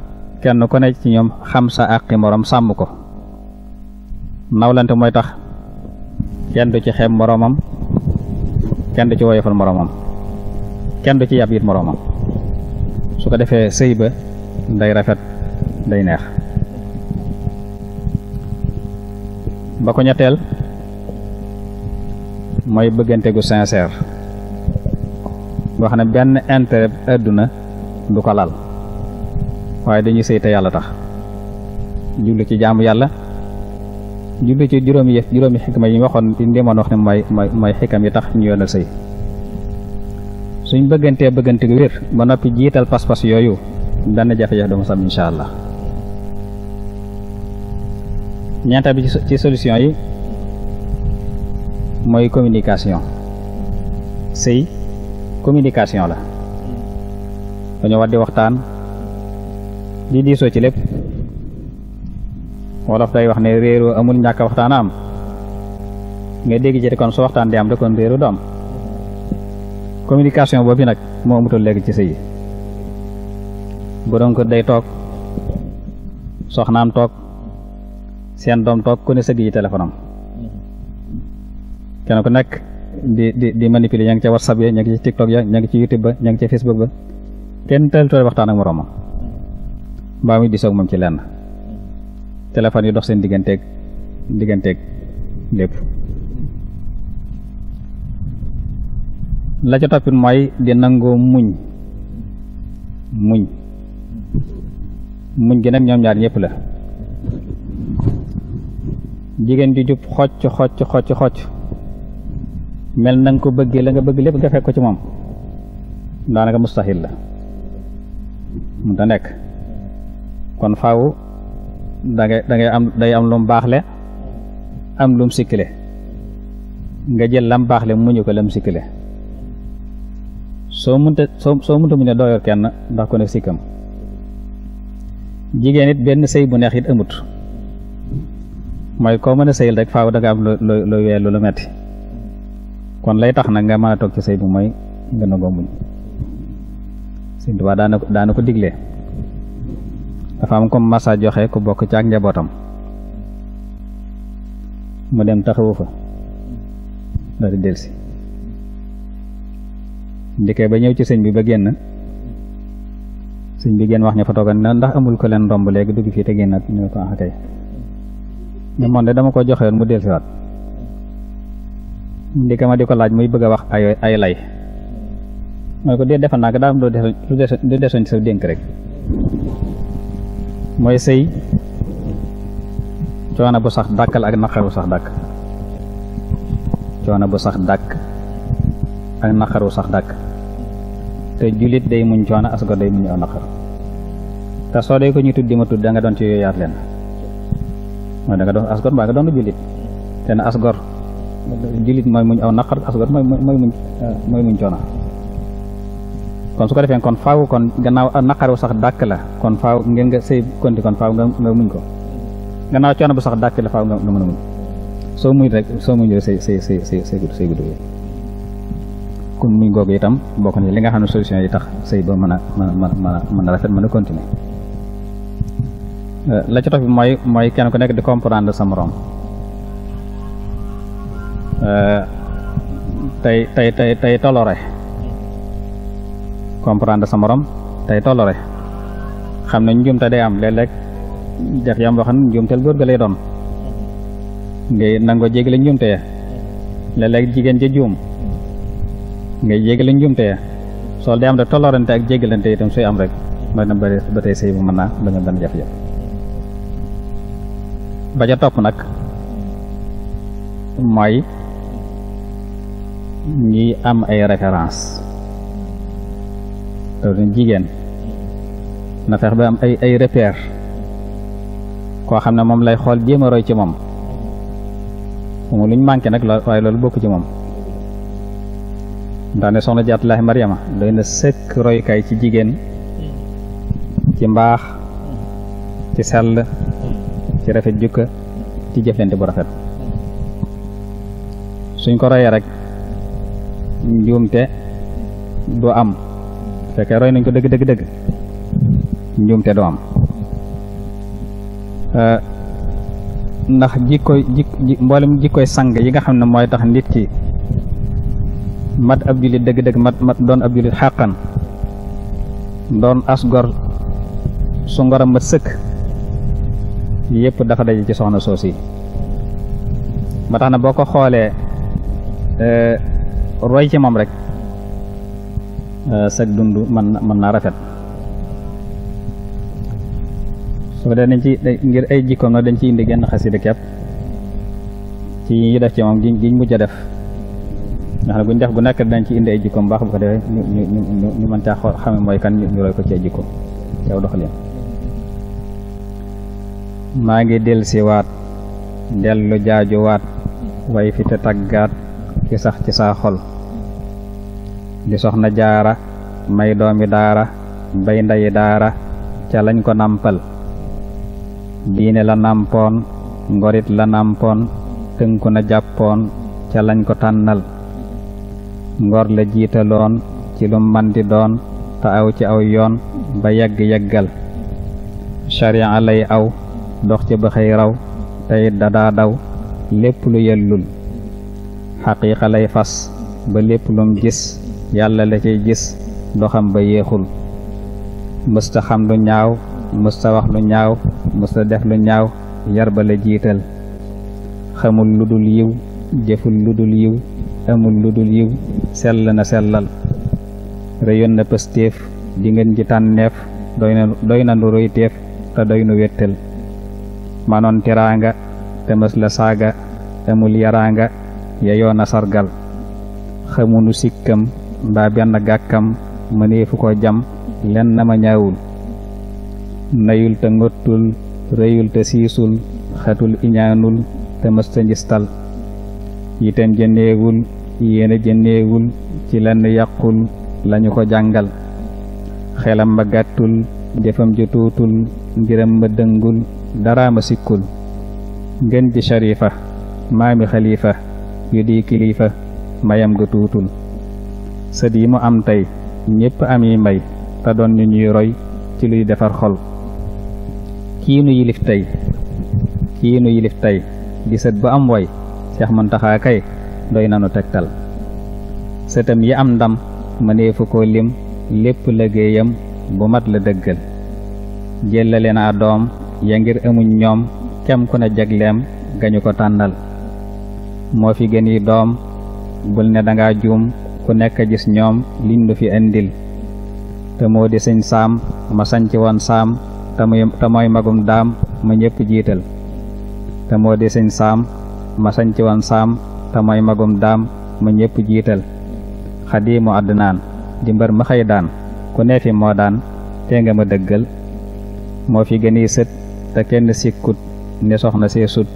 kenn ku nekk ci ñoom xam sa àqi moroom sàmm ko nawlante mooy tax kenn du ci xeeb moroomam kenn du ci woyofal moroomam kenn du ci yàb it moroomam su ko defee sëy ba day rafet day neex ba ko ñetteel mooy bëggante gu sincère wax ne benn intérêt àdduna du ko lal waaye dañuy sëy te yàlla tax julli ci jaamu yàlla julli ci juróomi yëf juróomi xikma yi ñu waxoon di ndimoon wax ne mooy mooy mooy xikam yi tax ñu yoonal sëy suñ bëggantee bëggante gu wér ba noppi jiital pas yooyu dana jafe-jafe dama sam incha allah ñeenta bi ci solution yi mooy communication sëy communication la dañoo war waxtaan di diisoo ci lépp wolof day wax ne réeroo amul ñàkk waxtaan am nga dégg ci kon su waxtaan di am da kon réeroo du am boobu nag moo amatul léegi ci sëy borom kër day toog soxnaam toog seen doom toog ku ne sëgg yi téléphone am kenn ku nekk di di di manipuler ña ngi ca whatsapp ya ña ngi ci tiktok ya ña ngi ci youtube ba ña ngi ci facebook ba kenn teel tool waxtaan ak moroomam mbaa muy disoog moom ci lenn téléphone yi dox seen digganteeg digganteeg lépp la ca toppit mooy di nangoo muñ muñ muñ gi nag ñoom ñaar ñëpp la jigéen ju jub xocc xocc xocc xocc mel na ko bëggee la nga bëgg lépp nga fekk ko ci moom daanaka mustaxil la mun ta nekk kon faaw da dangay da ngay am lu mu baax le am lum sikkile nga jël lam baaxle muñu ko lam sikkile soo munta soo soo munta mu ne dooyoo kenn ndax ko sikkam jigéen it benn sëy bu neex it amut mooy koo mën a sëyil rek faaw da am loo loo weelu lu metti kon lay tax nag nga mën a toog ci sëy bu mooy gën a gommuñ Sëñ Tuubaa daana ko daana ko diglee dafa am comme massa joxe ku bokk ci ak njabootam mu dem taxawu fa daal di delsi ndikee ba ñëw ci sëñ bi ba génn sëñ bi génn wax ñu fa toogan na ndax amul ko leen romb léegi dugg fii te génnaat ñu ko ah kay de dama ko joxe mu delsiwaat ndike ma di ko laaj muy bëgg a wax ay ay lay mooy ko dee defal naa ko daa am lu desoon ci sa dénk rek mooy sëy coono bu sax dàkk la ak naqar sax dàkk coono bu sax dàkk ak naqar bu sax dàkk te jullit day muñ coono asgo day muñ aw naqar te soo dee ko ñu tuddi ma tudd da nga doon ci yooyaat leen mooy danga nga doon asgor mbaa nga doon jullit te na asgor jullit mooy muñ aw naqar asgor mooy mooy muñ mooy muñ coono kon su ko defee kon faaw kon gannaaw ah, naqaru sax dàkk la kon faaw ngeen nga sëy konti kon faaw nga nga muñ ko gannaaw coono bu sax dàkk la faaw nga nga mën a muñ soo muñ rek soo muñ rek say say say say say kon muñ googu itam bokk na li nga xam ne solution yi tax sëy ba mën a mën a mën a mën a rafet mën a continuer euh, la ci topp bi mooy mooy kenn ku nekk di comprendre sa morom euh, tey tey tey tey tolore comprendre sa morom tey tollore xam ne njuumte day am léeg-léeg def yam loo xam ne njuumteel góor ga lay doon ngay nangoo jéggale njuumte ya léeg jigéen ja juum ngay jéggale njuumte ya sool day am rek tollorante ak jéggalante itam suy am rek mën na bëri ba tey sëy bu mën naa bañ a benn jafe-jafe ba ca topp nag mooy ñuy am ay référence Euh, jigéen na fex ba am ay ay repère koo xam ne moom lay xool jéem roy ci moom mu luñ manqué nag lool waaye loolu bokk ci moom ndax ne soxna jaatulaahi mariama doy na sëkk roykaay ci jigéen ci mbaax ci sell ci rafet jukka ci jëflante bu rafet suñ ko royee rek njuumte du am fekkee roy nañ ko dëgg dëgg dëgg njuumte doo am euh, ndax jikkoy jik mboolem jikkoy sang yi nga xam ne mooy tax nit ki mat ab jullit dëgg dëgg mat mat doon ab jullit xàqan doon as gor su ngoram ma sëkk yëpp dafa daje ci soxna soos yi ba tax na boo ko xoolee euh, roy ci moom rek Euh, sag dund man mën naa rafet su ko dee dañ ci ngir ay jikkoom nag dañ ci indi genn xasida kepp ci yi def ci moom giñ giñ mujj a def ndax ne guñ def gu nekk dañ ci indi ay jikkoom baax bu ko defee ñu ñu ñu ñu mën caa xame mooy kan ñu roy ko ci ay jikkoom yow doxalin maa ngi dellusiwaat dellu waat way fi te taggaat ki sax ci saa xol di na jaara may doomi daara bay ndayi daara ca lañ ko nampal diine la nampoon ngorit la nampoon tënku na jàppoon ca lañ ko tànnal ngor la jiitaloon ci lu man doon te aw ci aw yoon ba yegg yeggal sariya lay aw dox ci ba xëy raw teyit dadaa daw lépp lu yellul xaqiiqa lay fas ba lépp lum gis yàlla la cay gis doxam ba yéexul mësta xam lu ñaaw mësta wax lu ñaaw mësta def lu ñaaw yar jiital xamul lu yiw jëful ludul yiw amul lu dul yiw sell na sellal réyoon na pëstéef di ji tànneef doy na doy royteef te doy nu wéttal manoon teraanga te saaga amul yaraanga yeyoon na sargal xamunu sikkam mbaa benn gàkkam mëneefu ko jam lenn ma ñaawul nayul te ngottul rëyul te siisul xatul iñaanul te mësta njistal itam jënneewul yéene jënneewul ci lenn yàqul lañu ko jàngal xelam ma gàttul jëfam ju tuutul mbiram ma dëngul dara ma sikkul ngën ji sharifa maami xalifa yu di kilifa mayam ga sët yi mu am tey ñépp am yi mbay te doon ñu ñuy roy ci luy defar xol kii nu yilif tey kii nu yilif tey di sët bu am woy Seex Muntaxa kay doy nanu tegtal sëtam yi am ndam mëneefu ko lim lépp liggéeyam bu mat la dëggal jëllale naa doom ya ngir amuñ ñoom kem ku ne jagleem gañu ko tànnal moo fi gën yi doom bul ne danga juum ku nekk gis ñoom liñ lu fi indil te moo di sëñ saam ma sanc woon saam te mooy magum daam ma ñëpp jiital te moo di sëñ saam ma sanc woon saam te mooy magum daam ma ñëpp jiital xadiimu àddunaan di mbër ma xëy daan ku ne moo daan te nga ma moo fi gëni sët te kenn sikkut ne soxna see sut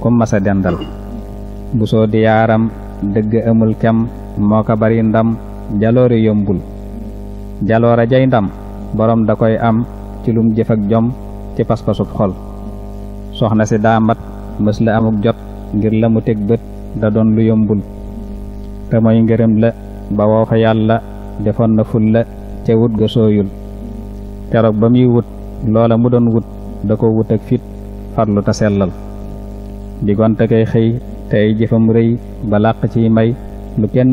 ku mas dendal bu di yaaram dëgg amul kem moo ko bari ndam jaloore yombul jaloore jay ndam boroom da koy am ci lum jëf ak jom ci pas-pasub xol soxna si daa mat mës amuk jot ngir la mu teg bët da doon lu yombul te mooy ngërëm la ba woo fa yàlla defoon na ful la ca wut ga sooyul keroog ba muy wut loola mu doon wut da ko wut fit farlu te sellal digonte koy xëy tey jëfam rëy ba làq ciy may lu kenn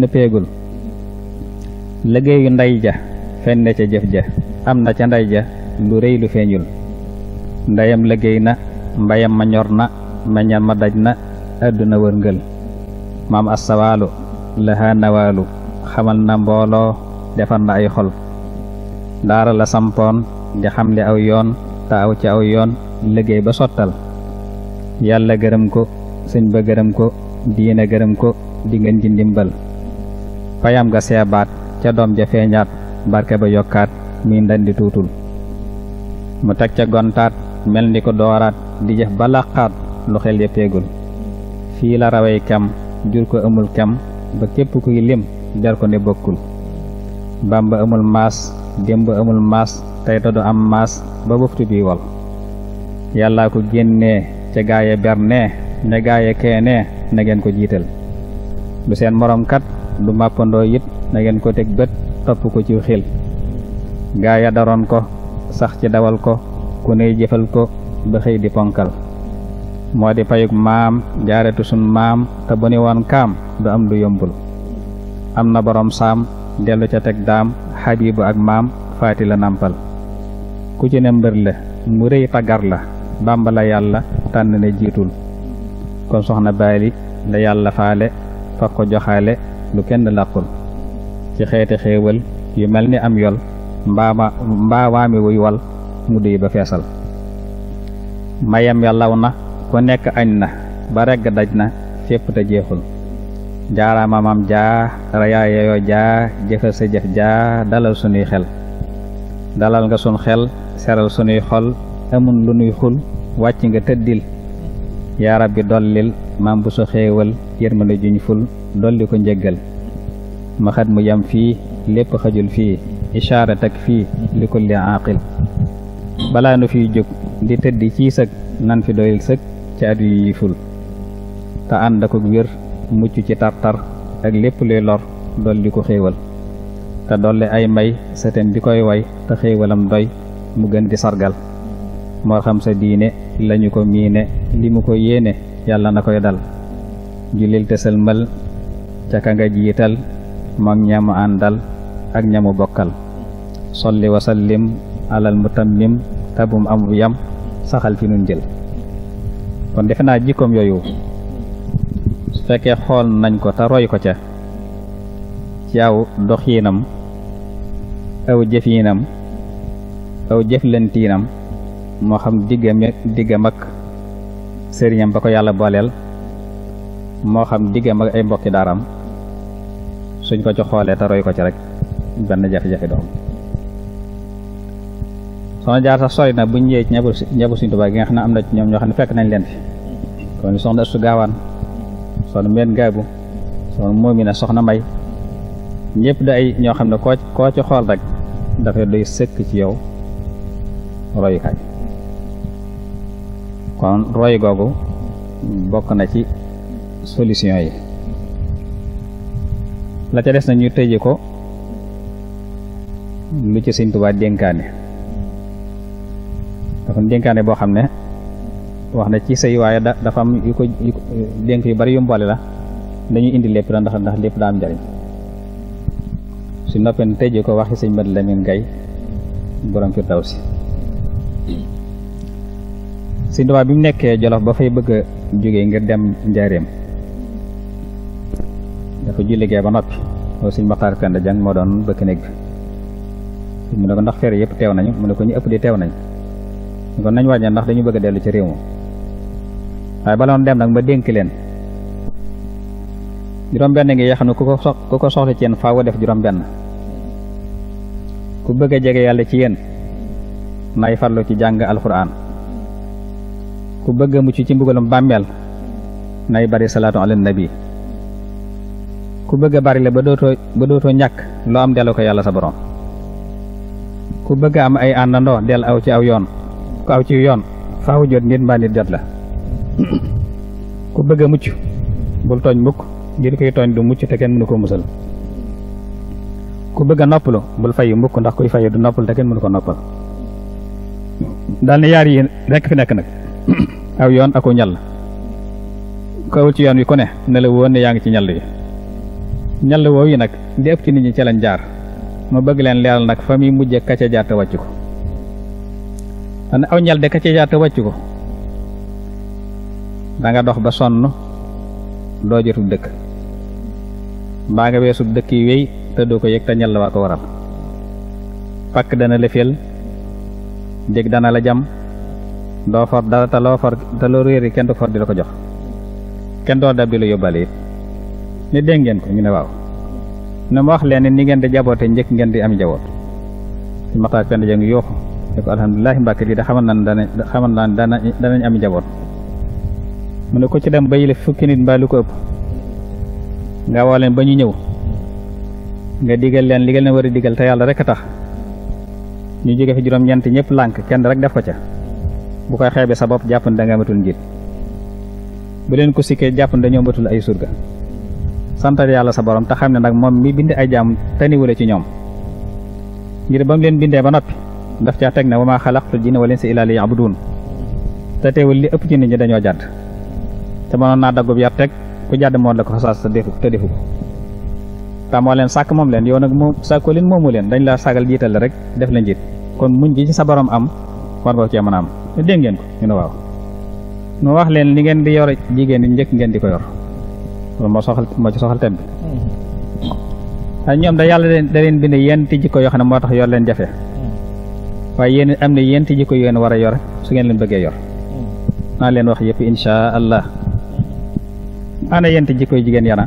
liggéeyu ndey ja feeñ na ca jëf ja am na ca ndey ja lu rëy feeñul ndeyam liggéey na mbayam ma ñor na meñam ma daj na àdduna wërngël maam assawaalu lahaa nawaalu xamal na mbooloo defar na ay xol daara la sampoon di xamle aw yoon te aw ci aw yoon liggéey ba sottal yàlla gërëm ko sëñ ba gërëm ko diina gërëm ko di ngeen ji ndimbal fayam ga seebaat ca doom ja feeñaat barke ba yokkaat muy ndandi tuutul mu teg gontaat mel ni ko dooraat di jëf ba làqaat lu xel fii la rawee kem jur ko amul kem ba képp kuy lim jar ko ne bokkul bamba amul maas démb amul maas tey du am maas ba bëftu bi wol yàllaa ko génnee ca gaaya bernee ne gaaya keenee na ngeen ko jiital du seen morom kat du màppandoo it na ngeen ko teg bët topp ko ci xel gaa ya daroon ko sax ci dawal ko ku ney jëfal ko ba xëy di ponkal moo di payug maam jaaretu sun maam te bu ni woon kaam du am du yombul am na boroom saam dellu ca teg daam xabibu ak maam faatila la nàmpal ku ci ne mbër la mu rëy tagar la bàmba la yàlla tànn ne jiitul kon soxna baali la yàlla faale fa ko joxaale lu kenn làqul ci xeeti xéewal yu mel ni am yol mbaama mbaawaami wuy wal mu duy ba feesal mayam ya law na ku nekk añ na ba regg daj na fépp te jeexul jaaraama maam jaa rayaa yeyoo jaa jëfal sa jëf jaa dalal sunuy xel dalal nga sun xel seral sunuy xol amul lu nuy xul wàcc nga tëddil yaa rabbi dollil maam bu so xéewal yërmande juñ ful dolli ko njëggal maxat mu yam fii lépp xajul fii ishaara tak fii li kulli aaqil balaa nu fiy jóg di tëddi ciy sëg nan fi doyil sëg ci at yu yi ful te ànd ko wér mucc ci tartar ak lépp luy lor dolli ko xéewal te dolli ay may sëtam bi koy way te xéewalam doy mu gën di sargal moo xam sa diine lañu ko miine li mu ko yéene yàlla na koy dal jullil te sëlmal ca ka nga jiital mag ñamu àndal ak ñamu bokkal solli wa sallim alal mutammim tabum amu yam saxal fi nun jël kon defe naa jikkoom yooyu su fekkee xool nañ ko te roy ko ca ci aw doxiinam aw jëfiinam aw jëflantiinam moo xam diggam diggam ak sëriñam ba ko yàlla booleel moo xam diggam ak ay mbokki daaram suñ ko ci xoolee te roy ko ci rek benn jafe-jafe doom soxna jaar sax sori na buñ ñëwee ci ñabu ñabu suñ tubaab gi nga xam ne am na ci ñoom ñoo xam ne fekk nañ leen fi kon soxna su gaawaan soxna meen gaabu soxna moomi na soxna may ñëpp da ay ñoo xam ne koo koo ci xool rek dafay doy sëkk ci yow royukaay kon roy googu bokk na ci solution yi la ca des na ñu tëje ko lu ci sëñ Tuubaa dénkaane dafa dénkaane boo xam ne wax na ci sëy waaye da dafa am yu ko dénk yu bari yu mboole la dañuy indi lépp da ndax ndax lépp daa am njariñ su noppee tëjee ko waxi sëñ Madi Lamine Gaye borom si Sëñ Tuubaa bi mu nekkee Jolof ba fay bëgg a jógee ngir dem Njaareem dafa julli gee ba noppi loolu Sëñ Maxtaar Penda Jang moo doon bëkk néeg bi mu ne ko ndax fere yëpp teew nañu mu ne ko ñu ëpp di teew nañ kon nañ wàññeen ndax dañu bëgg dellu ci réew ma waaye baloon dem nag ma dénk leen juróom benn ngi yaxanu ku ko sox ci yéen faaw def juróom benn ku bëgg a jege yàlla ci yéen nay farlu ci jàng alxuraan ku bëgg a mucc ci mbugalum bàmmeel nay bari salaatu ala nabi ku bëgg a bari la ba dootoo ba dootoo ñàkk loo am delloo ko yàlla sa borom ku bëgg am ay àndandoo del aw ci aw yoon ku aw ci yoon faaw jot nit mbaa nit jot la ku bëgg a mucc bul tooñ mukk ngir koy tooñ du mucc te kenn mënu ko musal ku bëgg a noppalu bul fayu mukk ndax kuy fayu du noppal te kenn mënu ko noppal daal ne yaar yi rekk fi nekk nag aw yoon aku ñal kawul ci yoon wi ko ne ne la woon ne yaa ngi ci ñal yi ñal woow yi nag di ëpp ci nit ñi ca lañ jaar ma bëgg leen leeral nag fa muy mujje ka ca te wàcc ko dana aw ñal de ka ca te wàcc ko danga dox ba sonn doo jotub dëkk mbaa nga weesub dëkk yi wéy te doo ko yëg te ñal la waa ko waral pakk dana la féel dana la jam doo for dara te loo for kenn du for di la ko jox kenn doo da di la yóbbaale it ni dégg ngeen ko ñu ne waaw ne ma wax leen ni ngeen di jaboote njëkk ngeen di am jaboot suñu maxtaar pend ja ngi yooxu ne ko alhamdulilahi mbàkke lii da xamal naan naan dana danañ am jaboot mu ne ko ci dem ba yile fukki nit mbaa lu ko ëpp nga woo leen ba ñu ñëw nga digal leen li nga leen war a yàlla rek a tax ñu jóge fi juróom-ñeent ñëpp lank kenn rek def ko ca bu ko xeebee sa bopp jàpp nga bu leen ko sikkee jàpp ne dañoo amatul ay surga santal yàlla sa borom te xam ne nag moom mi bind ay jaam taniwale ci ñoom ngir ba mu leen bindee ba noppi daf caa teg ne wa maa xalaqtul jinna wal insa illaa liya'buduun te teewul li ëpp ci nit ñi dañoo jàdd te mënoon naa daggub yar teg ku jàdd moo la ko xasaas te defu te defu ko te moo leen sàkk moom leen yow nag moom sàkkoo leen moomu leen dañ la sagal jiital rek def la njiit kon muñ war nga cee mën a am dégg ngeen ko ñu ne waaw nu wax leen li ngeen di yor jigéen ñi njëkk ngeen di ko yor loolu moo soxal moo ci soxal tem bi mm-hmm. ak ñoom da yàlla da leen bind yenti jikko yoo xam ne moo tax yor leen jafe mm-hmm. waaye yéen am na yenti jikko yéen war a yor su ngeen leen bëggee yor mm-hmm. naa leen wax yëpp insha allah ana yenti jikko yu jigéen yana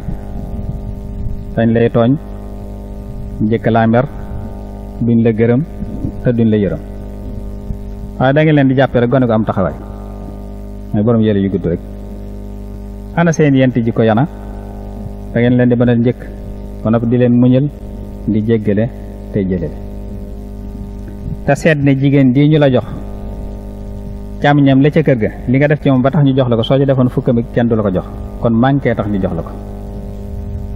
dañ lay tooñ njëkk laa mer duñ la gërëm te duñ la yërëm waaye da ngeen leen di jàppee rek gone ko am taxawaay mooy borom yële yu gudd rek ana seen yent ji ko yana da leen di mën a njëkk ba noppi di leen muñal di jéggale te jëlale te seet ne jigéen di ñu la jox càmmiñam la ca kër ga li nga def ci moom ba tax ñu jox la ko soo ci defoon fukkam mi kenn du la ko jox kon manqué tax ñu jox la ko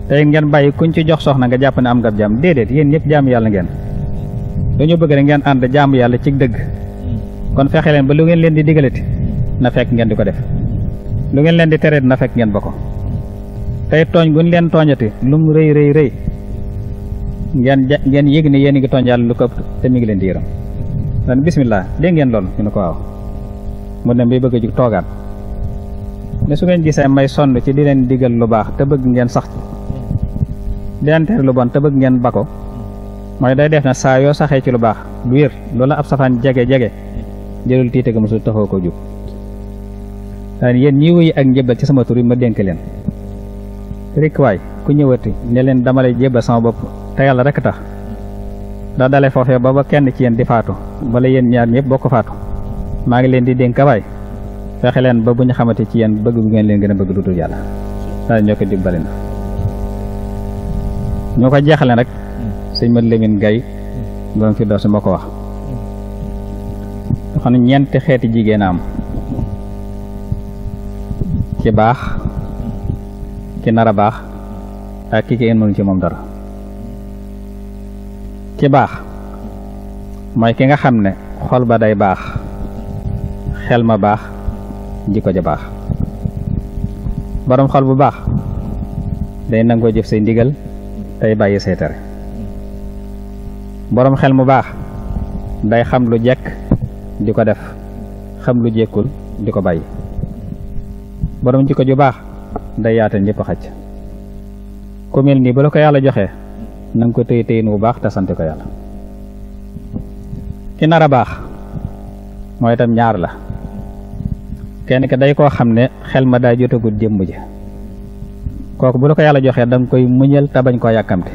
tey ngeen bàyyi kuñ ci jox soxna nga jàpp ne am nga jaam déedéet yéen ñëpp jaamu yàlla ngeen dañoo bëgg rek ngeen ànd kon fexe leen ba lu ngeen leen di digalati na fekk ngeen di ko def lu ngeen leen di tereet na fekk ngeen ba ko tey tooñ guñ leen tooñati lu mu rëy rëy rëy ngeen ja ngeen yëg ne yéen a ngi tooñ yàlla lu ko ëpp te mi ngi leen di ra dan bisimilah dégg ngeen loolu ñu ne ko waaw mu ne bëgg a jug toogaat ne su ngeen gisee may sonn ci di leen digal lu baax te bëgg ngeen sax ci leen tere lu bon te bëgg ngeen ba ko mooy day def na saa yoo saxee ci lu baax loola ab safaan jege njëlul tiite ga mosul taxoo ko jóg daan yéen ñi wuyu ak njëbal ci sama tur yi ma dénk leen rek waay ku ñëwati ne leen dama lay jébbal sama bopp te yàlla rek tax da dale foofee ba ba kenn ci yen di faatu wala yéen ñaar ñëpp bokk faatu maa ngi leen di dénk waay fexe leen ba bu ñu xamante ci yéen bëgg bu ngeen leen gën a bëgg lu dul yàlla daal ñoo ko dimbali na ñoo ko jeexale rek hmm. sëñ Mat Lamin Gay borom fi doosu moo ko wax xam ne ñeenti xeeti jigéen am ki baax ci nar a baax ak ki kenn mënu ci moom dara ci baax mooy ki nga xam ne xol ba day baax xel ma baax jikko ja baax boroom xol bu baax day nangoo jëf say ndigal tey bàyyi say tere boroom xel mu baax day xam lu jekk di ko def xam lu jekkul di ko bàyyi borom jikko ju baax day yaatal ñëpp xaj ku mel nii ba la ko yàlla joxee na ko téye téyin bu baax te sante ko yàlla ki nar a baax mooy itam ñaar la kenn ki day koo xam ne xel ma daa jotagul jëmm ji kooku bu la ko yàlla joxee danga koy muñal te bañ koo yàkkamte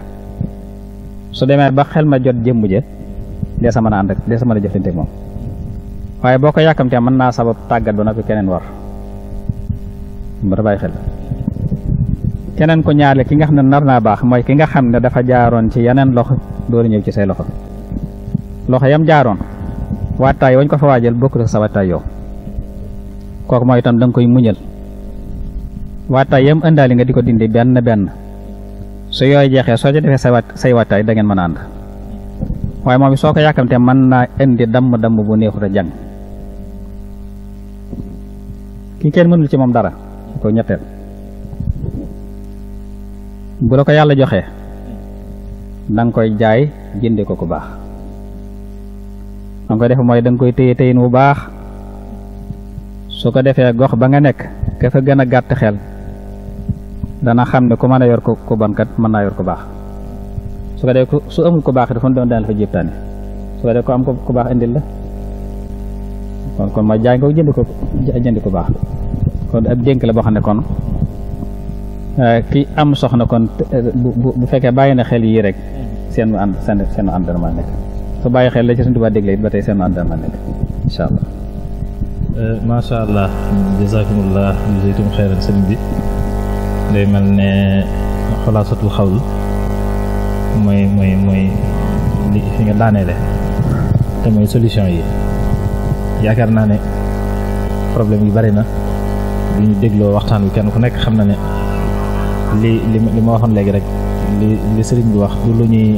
su demee ba xel ma jot jëmm ja dee sa mën a ànd ak dee sa mën a jëflante ak moom waaye boo ko yàkkamtee mën naa sabab tàggat ba noppi keneen war ba da bàyyi xel keneen ko ñaareel ki nga xam ne nar naa baax mooy ki nga xam ne dafa jaaroon ci yeneen loxo dooru ñëw ci say loxo loxo yam jaaroon waataay wañ ko fa waajal bokkut ak sa waataay yow kooku mooy itam da nga koy muñal waataay yam ëndaali nga di ko dindi benn benn su yooyu jeexee soo ci defee say wat waataay da ngeen mën a ànd waaye moom soo ko yàkkamtee mën naa indi damm damm bu neexut a jàng ki kenn mënul ci moom dara ko ñetteel bu la ko yàlla joxee na koy jaay jënde ko ku baax na nga koy def mooy da koy téye téyin bu baax su ko defee gox ba nga nekk ka fa gën a gàtt xel dana xam ne ku mën a yor ko ku bon kat mën naa yor ku baax su ko defee su amul ku baax dafa doon daal fa jéem tànn su ko defee ku am ku baax indil la. kon kon ma jaay ko jënd ko jënd ko baax kon ab dénk la boo xam ne kon euh, ki am soxna kon bu bu fekkee bàyyi na xel yii rek seen mu ànd seen seen nekk su bàyyi xel la ci suñu tubaab dégle ba tey seen mu ànd dana nekk incha allah. Euh, macha allah jazakumullah jazaytum xayran sëriñ mel ne xolaasatul xawl mooy mooy mooy li fi nga daaneele te mooy solution yi. yaakaar naa ne problème yi bari na bu ñu dégloo waxtaan wi kenn ku nekk xam na ne li li li ma waxoon léegi rek li li sëriñ bu wax du lu ñuy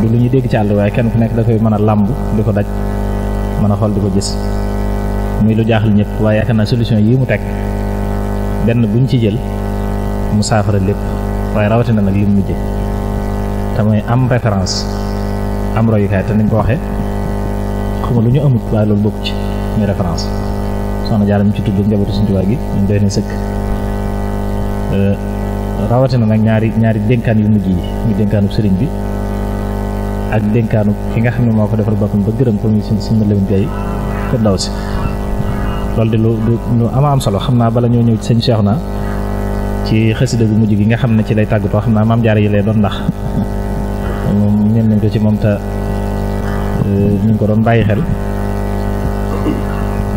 du lu ñuy dégg ci àll waaye kenn ku nekk da koy mën a làmb di ko daj mën a xool di ko gis muy lu jaaxal ñëpp waaye yaakaar naa solution yii mu teg benn buñ ci jël mu saafara lépp waaye rawatina nag li mu mujje te mooy am référence am royukaay te ni ko waxee xuma lu ñu amut waaye loolu bokk ci muy référence soxna Jaara mi ci tudd njabootu Sëriñ Tuubaa gi ñu doy na sëkk euh, rawatina nag ñaari ñaari dénkaan yu mujj yi sëriñ bi ak dénkaanu ki nga xam ne moo ko defar boppam ba gërëm ko muy si si ma lewin gay te daw si loolu de lu lu ama am solo xam naa bala ñoo ñëw ci sëñ Cheikh na ci xasida gu mujj gi nga xam ne ci lay tàggatoo xam naa maam jaara yi lay doon ndax moom ñeen ko ci moom te ñu ngi ko doon bàyyi xel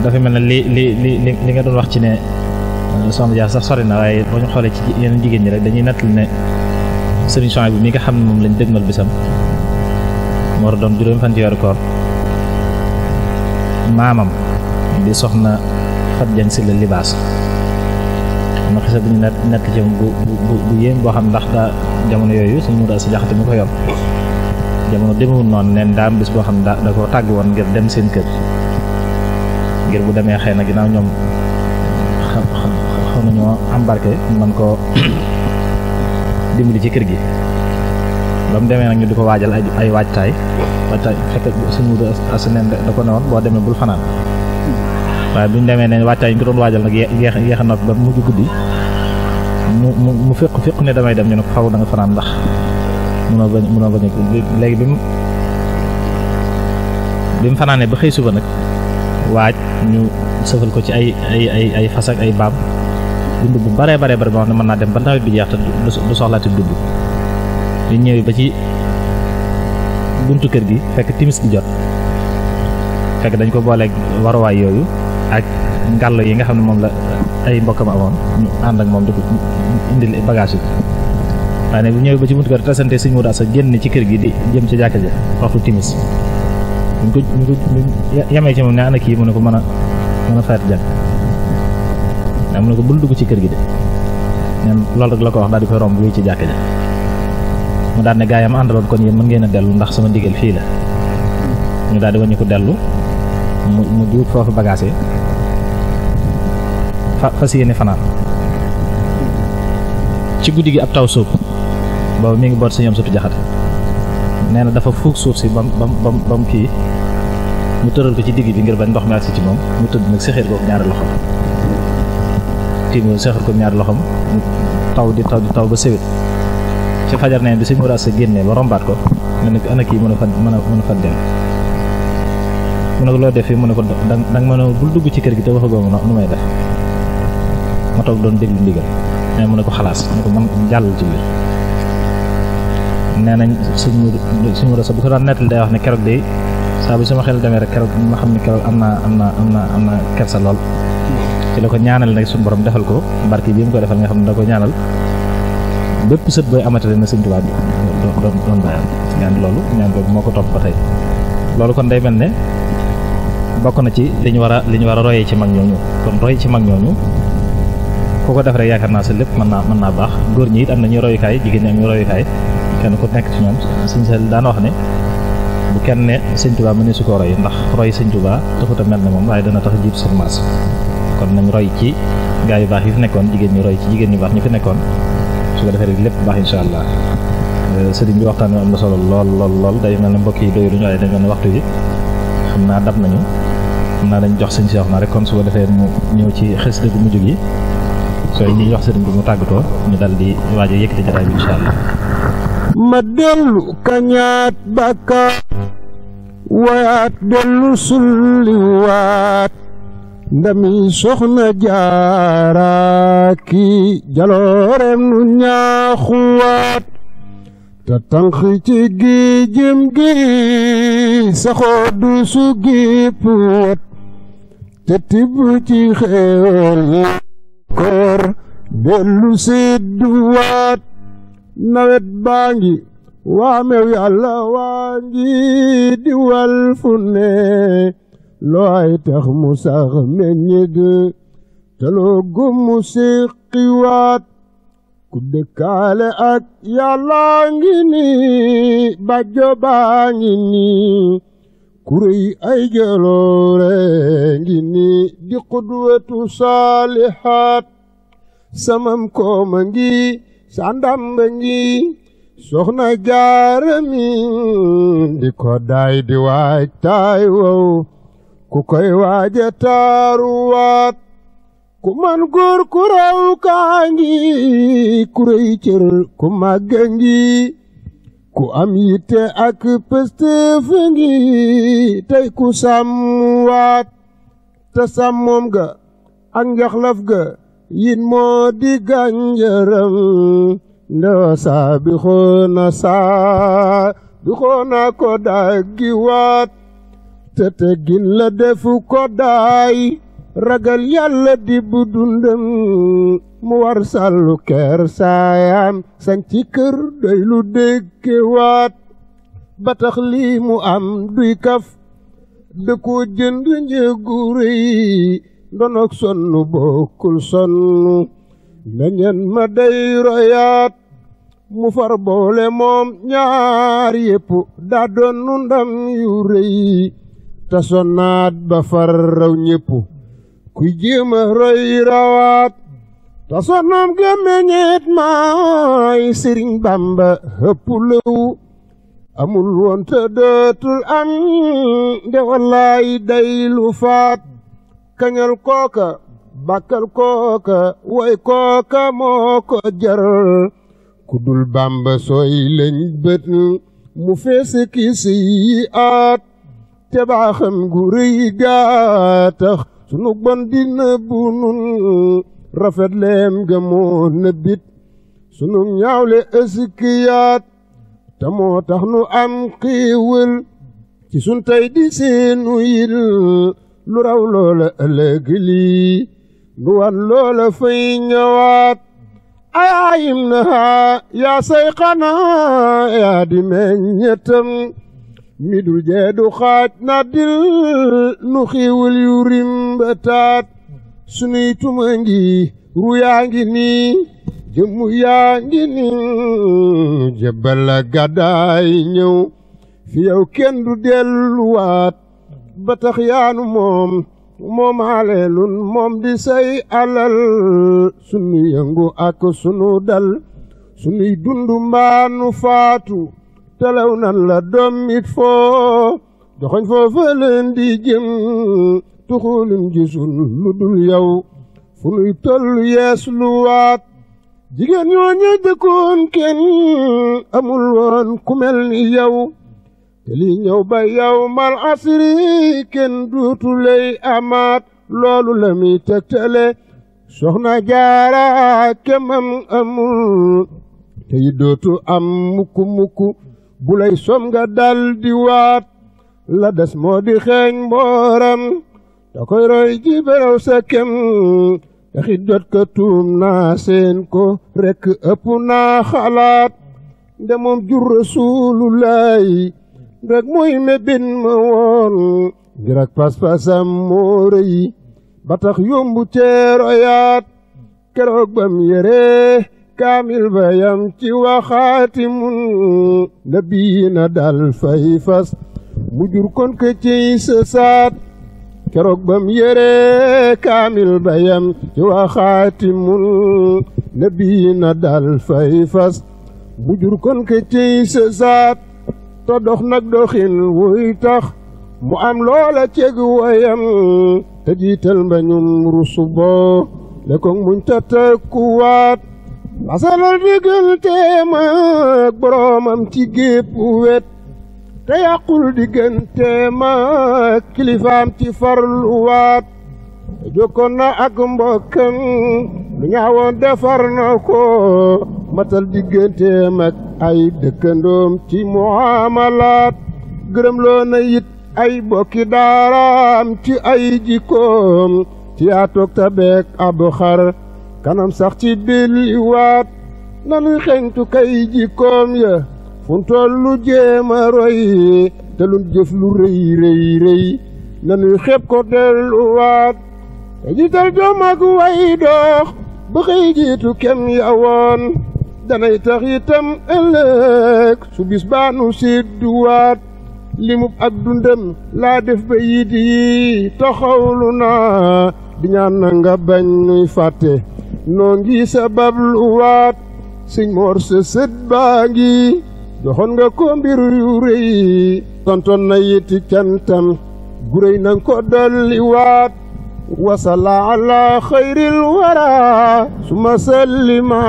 dafa mel ne li li li li nga doon wax ci ne euh, soxna Dia sax sore na waaye boo ñu xoolee ci yeneen jigéen ñi rek dañuy nattali ne sëriñ bi mi nga xam ne moom lañ dëgmal bisam moo war a doon juróomi fan ci koor maamam di soxna Fat Dieng si la libaas ma xisa bu ñu nett nett ci bu bu bu yéem boo xam ndax daa jamono yooyu suñu muda si jaxate mi ko yoon jamono demewul noonu neen daam am bis boo xam ne da ko tàgg woon ngir dem seen kër ngir bu demee xëy na ginnaaw ñoom xam xam nañoo embarqué man koo dimbali ci kër gi ba mu demee nag ñu di ko waajal ay waajtaay waajtaay fekk suñu as neen da ko ne woon boo demee bul fanaan waaye bu demee ne waajtaay ñu ko doon waajal nag yeex yeex a ba mujj guddi mu mu mu féq féq ne damay dem ñu ne ko xaw da nga fanaan ndax munoo bañ munoo bañ a léegi bi mu bi mu fanaanee ba xëy suba nag waaj ñu sëfal ko ci ay ay ay ay fas ay baam dund bu baree baree bare boo xam ne mën naa dem ba nawet bi jeex te du soxlaati dund li ñëwee ba ci buntu kër gi fekk timis gi jot fekk dañ ko booleeg waruwaay yooyu ak ngàll yi nga xam ne moom la ay mbokkam amoon ñu ak moom di ko indil yi waaye nag bu ñëwee ba ci buntu kër tasante sëñ Modou Asta génn ci kër gi di jëm ci jàkka ja waxtu timis ñu ko ñu ko yamee mu ne ko mën a mën a faat jàkk mu ne ko bul dugg ci kër gi de neen loolu rek la ko wax daal koy romb luy ci jàkka ja mu daal ne gaa yam àndaloon kon yéen mën ngeen a dellu ndax sama ndigal fii la ñu daal di wañu ko dellu mu mu diwut foofu bagaas yi fa fas yéene fanaan ci guddi gi ab taw suuf boobu mi ngi boot si ñoom sutu jaxate nee na dafa fuug suuf si bam bam bam ba mu kii mu tëral ko ci digg bi ngir bañ ndox mi agsi ci moom mu tëdd nag sexeer ko ñaari loxom kii mu ko ñaari loxom mu taw di taw di taw ba sewit ci fajar neen bi si muraas sa génnee ba rombaat ko mu ne ko ana kii mën a fa mën a mën a fa dem mu ne ko loo def fii mu ne ko dang dang ma ne bul dugg ci kër gi te waxagoo ma nu may def ma doon déglu ndigal mais mu ne ko xalaas mu ne ko man jàll ci biir nee nañ suñu suñu rosa bu ko daan nettali day wax ne keroog de saa bu sama xel demee rek keroog ma xam ne keroog am naa am naa am naa am naa kersa lool. ci la ko ñaanal nag defal ko barke bi mu ko defal nga xam ne da ko ñaanal bépp sët booy amatale na Sëñ bi doon doon doon ñaan loolu moo ko topp ba loolu kon day mel ne bokk na ci li ñu war a li ñu war a royee ci mag ñooñu kon roy ci mag ñooñu ku ko def rek yaakaar naa sa lépp mën naa mën naa baax góor ñi am na ñu royukaay jigéen ñi am ñu royukaay kenn ku nekk ci ñoom sëñ Saliou daan wax ne bu kenn ne sëñ Tuubaa mu ne su ko roy ndax roy sëñ Tuubaa taxut a mel ne moom waaye dana tax jiit sa maas kon nañ roy ci gaa yu baax yi fi nekkoon jigéen ñi roy ci jigéen ñi baax ñi fi nekkoon su ko defee rek lépp baax insha allah euh, sëriñ bi waxtaan am na solo lool lool lool day mel ne mbokk yi doyu lu ñu waaye dañ mel waxtu yi xam naa dab nañu xam naa dañ jox sëñ si wax naa rek kon su ko defee mu ñëw ci xes dëgg mujj gi sooy ñuy wax sëriñ bi mu tàggatoo ñu dal di waaj a yëkkati jataay bi insha ma dellu kañaat bàkkaar wayaat dellu sulliwaat ndami soxna jaaraaki jaloorem nu ñaaxuwaat te tànq ci gi jëm gi du su gépp te tibb ci xéewal koor dellu sidduwaat nawet baa ngi waamew yàlla waa ngi di wal fu ne looy tax mu sax meññit te loo gumu siqiwaat ku dëkkaale ak yàlla ngi nii bàjjo baa ngi nii kuréy ay jaloore ngi nii di qudwatu saalihaat samam kooma ngi sandamba ngi soxna jaarami di ko daay di waaj taay wow ku koy waaja taaru waat ku man góor ku raw kaa ngi ku rëy cër ku màgga ngi ku am yitte ak pëstëf ngi tey ku sàmm waat te sàmmoom ga ak njaxlaf ga yin moo di ganjëram ndewa saa bi xoona saa bi xoona ko daay gi waat te teggin la defu ko daay ragal yàlla di bu dundam mu war sàllu keer saayam sañ ci kër doy lu dëkke waat lii mu am duy kaf da ko jënd njëgu ndonook sonnu bokkul sonnu nañeen ma day mu far boole moom ñaar yépp daa ndam yu rëy ba far raw ñépp kuy jéema roy rawaat ta maay sëriñ bamba hëpp lëw amul woon te am nde wallaay day lu faat kañal kooka bakkal kooka way kooka moo ko jar ku dul bàmba sooy lañ bët mu feese kiisi yi aat te baaxam gu rëy gaa sunu bon di nëbbu nun rafet leem ga moo nëbbit sunu ñaawle ësikiyaat te tax nu am xiiwal ci sun tey di seenu yil lu raw loola ëllëg lii du wan loola fay ñëwaat ayaa yim na haa yaa sayxana yaa di meññetam mi du jee du xaaj na dil nu xiiwul yu rimbataat sunuy tuma ngi ru yaa ngi nii jëmmu yaa ngi nii jëbbal la gàddaay ñëw fi yow kenn du delluwaat ba tax yaanu moom moom xaleelun moom di say alal sunu yëngu ak sunu dal sunuy dund mbaanu faatu telew nan la doom it foo joxoñ foofa leen di jëm tuxulun gisul lu dul yow yees lu jigéen ñoo ña dëkkoon kenn amul woon ku mel ni te li ñëw ba yawmal asri kenn duutu amaat loolu la muy soxna jaara kemam amul te yi dootu am mukku mukku bu som nga dal di waat la des moo di xeeñ mbooram da koy sa kem taxi jot ka tuum naa seen ko rekk ëpp naa xalaat nde moom jur rasuulullaahi rek muy mébét ma woon ngir ak pas-pasam moo rëy ba yombu ceero keroog bam yéree kaamil ba yam ci waxaatimun nabiina dal fay fas mu kon ke ciy saat keroog bam yéree kaamil ba yam ci waxaatimun nabiina dal fay fas mu kon ke ciy saat te dox nag doxin wuy mu am loola ceeg wayam te jiital mbañum rusu boo ne ko muñ te tëkkuwaat basalal digganteem ak boroomam ci gépp wet te yàqul digganteem ak kilifaam ci farluwaat te jokkoon na ak mbokkam lu ñaawoon defar na ko matal digganteem ak ay dëkkandoom ci muamalaat gërëm loo na it ay bokki daaraam ci ay jikkoom ci yaatoog tabeek ab xar kanam sax ci biliwaat nanuy xeñtu kay jikkoom ya funtool lu jéem a roy te lun jëf rëy rëy rëy nanuy xeeb ko delluwaat te jiital jom ak way dox ba xëy jiitu kem ya woon danay tax itam ëllëg su bis baanu sidduwaat limub ak dundam laa def ba yiit yi taxawlu naa di na nga bañ nuy fàtte noo ngi sabab lu waat sëñ moor sa baa ngi joxoon nga ko mbir yu rëy tontoon na yiti cantam guréy na nga ko dolli وصلى على خير الورى ثم سلما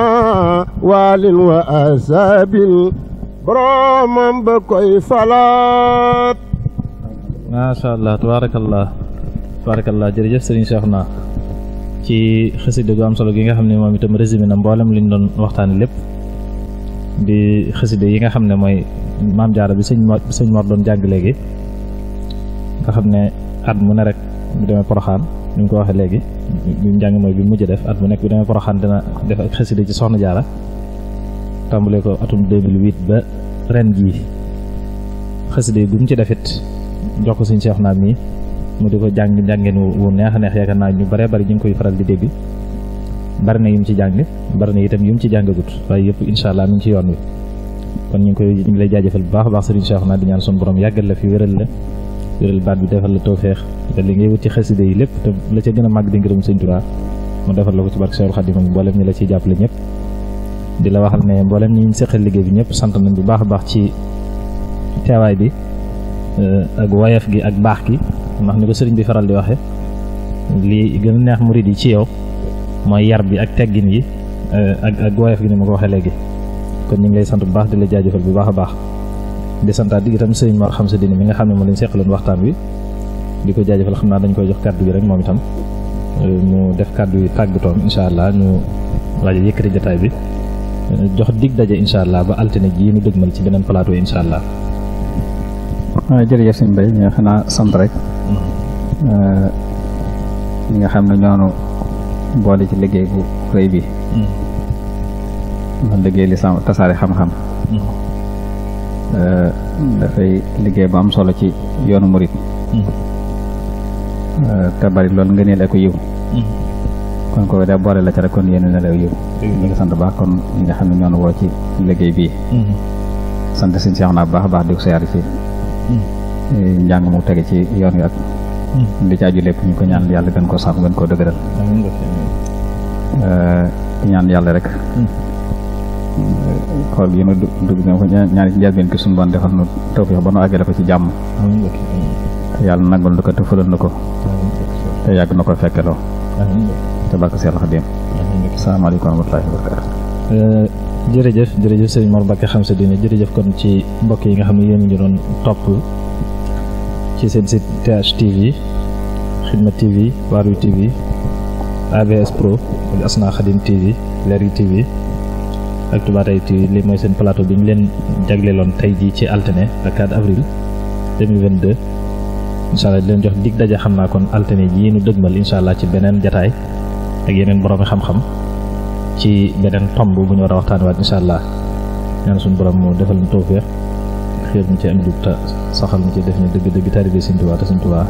وال وأساب برام بكي فلات ما شاء الله تبارك الله تبارك الله جرجف سرين شيخنا ci xasida gu am solo gi nga xam ne moom itam résumé na mboolem liñ doon waxtaane lépp di xasida yi nga xam ne mooy maam jaaro bi sëñ sëñ Mor doon jàng léegi nga xam ne at mu ne rek mu demee Poroxaan ñu ngi ko waxee léegi njàng mooy bi mujj def at mu nekk bi damay poroxaan dina def ak xasida ci soxna jaara tàmbalee ko atum 2008 ba ren jii xasida yi bu mu ci defit jox ko suñ seex naa mii mu di ko jàng njàngeen wu neex a neex yaakaar naa ñu bare bari ñu ngi koy faral di dégg bari na yu ci jàng bari na itam yu mu ci jàngagut waaye yëpp incha allah mi ngi ci yoon wi kon ñu ngi koy ñu bu baax a baax sëriñ Cheikh naa di ñaan suñu borom yàggal la fi wéral la wéral baat bi defal la tawfeex te li ngay wuti xasida yi lépp te la ca gën a màgg di ngërëm sëñ Tuubaa mu defal la ko ci barke Seexul Xadiim ak mboolem ñi la ciy jàppale ñëpp di la waxal ne mboolem ñi ñu seqal liggéey bi ñëpp sant nañ bu baax a baax ci teewaay bi eh, ak woyaf gi ak baax gi ndax ni ko sëriñ bi faral di waxe lii gën a neex murid yi ci yow mooy yar bi ak teggin yi eh, ak ak woyof gi ni ma ko waxee léegi kon ñu ngi lay sant bu baax di la jaajëfal bu baax a baax di di itam sëriñ Mor xam sa dina mi nga xam ne moom lañ seqaloon waxtaan wi di ko jaajëfal xam naa dañ koy jox kàddu gi rek moom itam euh, mu def kàddu yi tàggatoom incha allah ñu rajo yëkkati jotaay bi euh, jox digg daje incha allah ba altine ji ñu dëgmal ci beneen plateau incha allah. jël ah, jërëjëf sëñ Mbaye ñu xanaa sant rek. Mm-hmm. Euh, ñi nga xam ne ñoonu boole ci liggéey bu rëy bi. Mm-hmm. liggéey li tasaare xam-xam. Mm-hmm. dafay liggéey bu am solo ci yoonu murit mm-hmm. euh, te bari loolu nga neel ak yiw mm-hmm. kon ko da boole la ca rek kon yéen na la yiw ñu ngi sant baax kon nga xam ne ñoon woo ci liggéey bii mm-hmm. sant sëñ Seex naa baax baax di ko siyaar ci eh, njàng mu tege ci yoon wi ak li ci aju lépp ñu ko ñaan yàlla gën koo sàmm gën koo dëgëral euh, ñaan rek xool yi nu dugg dina ko ñaar ci njëlbeen ki suñu bon defal nu tawfeex ba nu àggale ko ci jàmm yàlla nangul nu ko te fëlal ko te yàgg na ko fekkeloo te bàkk Seex Xaadim salaamaaleykum wa rahmatullaahi wa euh, jërëjëf jërëjëf sëriñ Mor Mbacke xam sa dina jërëjëf kon ci mbokk yi nga xam ne yéen ngi doon topp ci seen site TH TV Xidma TV Waarwi TV AVS Pro Asna Xadim TV Leeral TV ak Touba Tey TV li mooy seen plateau bi ñu leen jagleeloon tey jii ci altine le 4 avril 2022 incha allah di leen jox dig daje xam naa kon altene ji ñu dëgmal incha allah ci beneen jataay ak yeneen boroomi xam-xam ci beneen tomb bu ñu war a waxtaanee waat incha allah ñaan suñ borom mu defal ñu tawfeex xëy na ci am jub te saxal mu ci def ñu dëgg dëgg taalibe Sëñ Tuubaa te Sëñ Tuubaa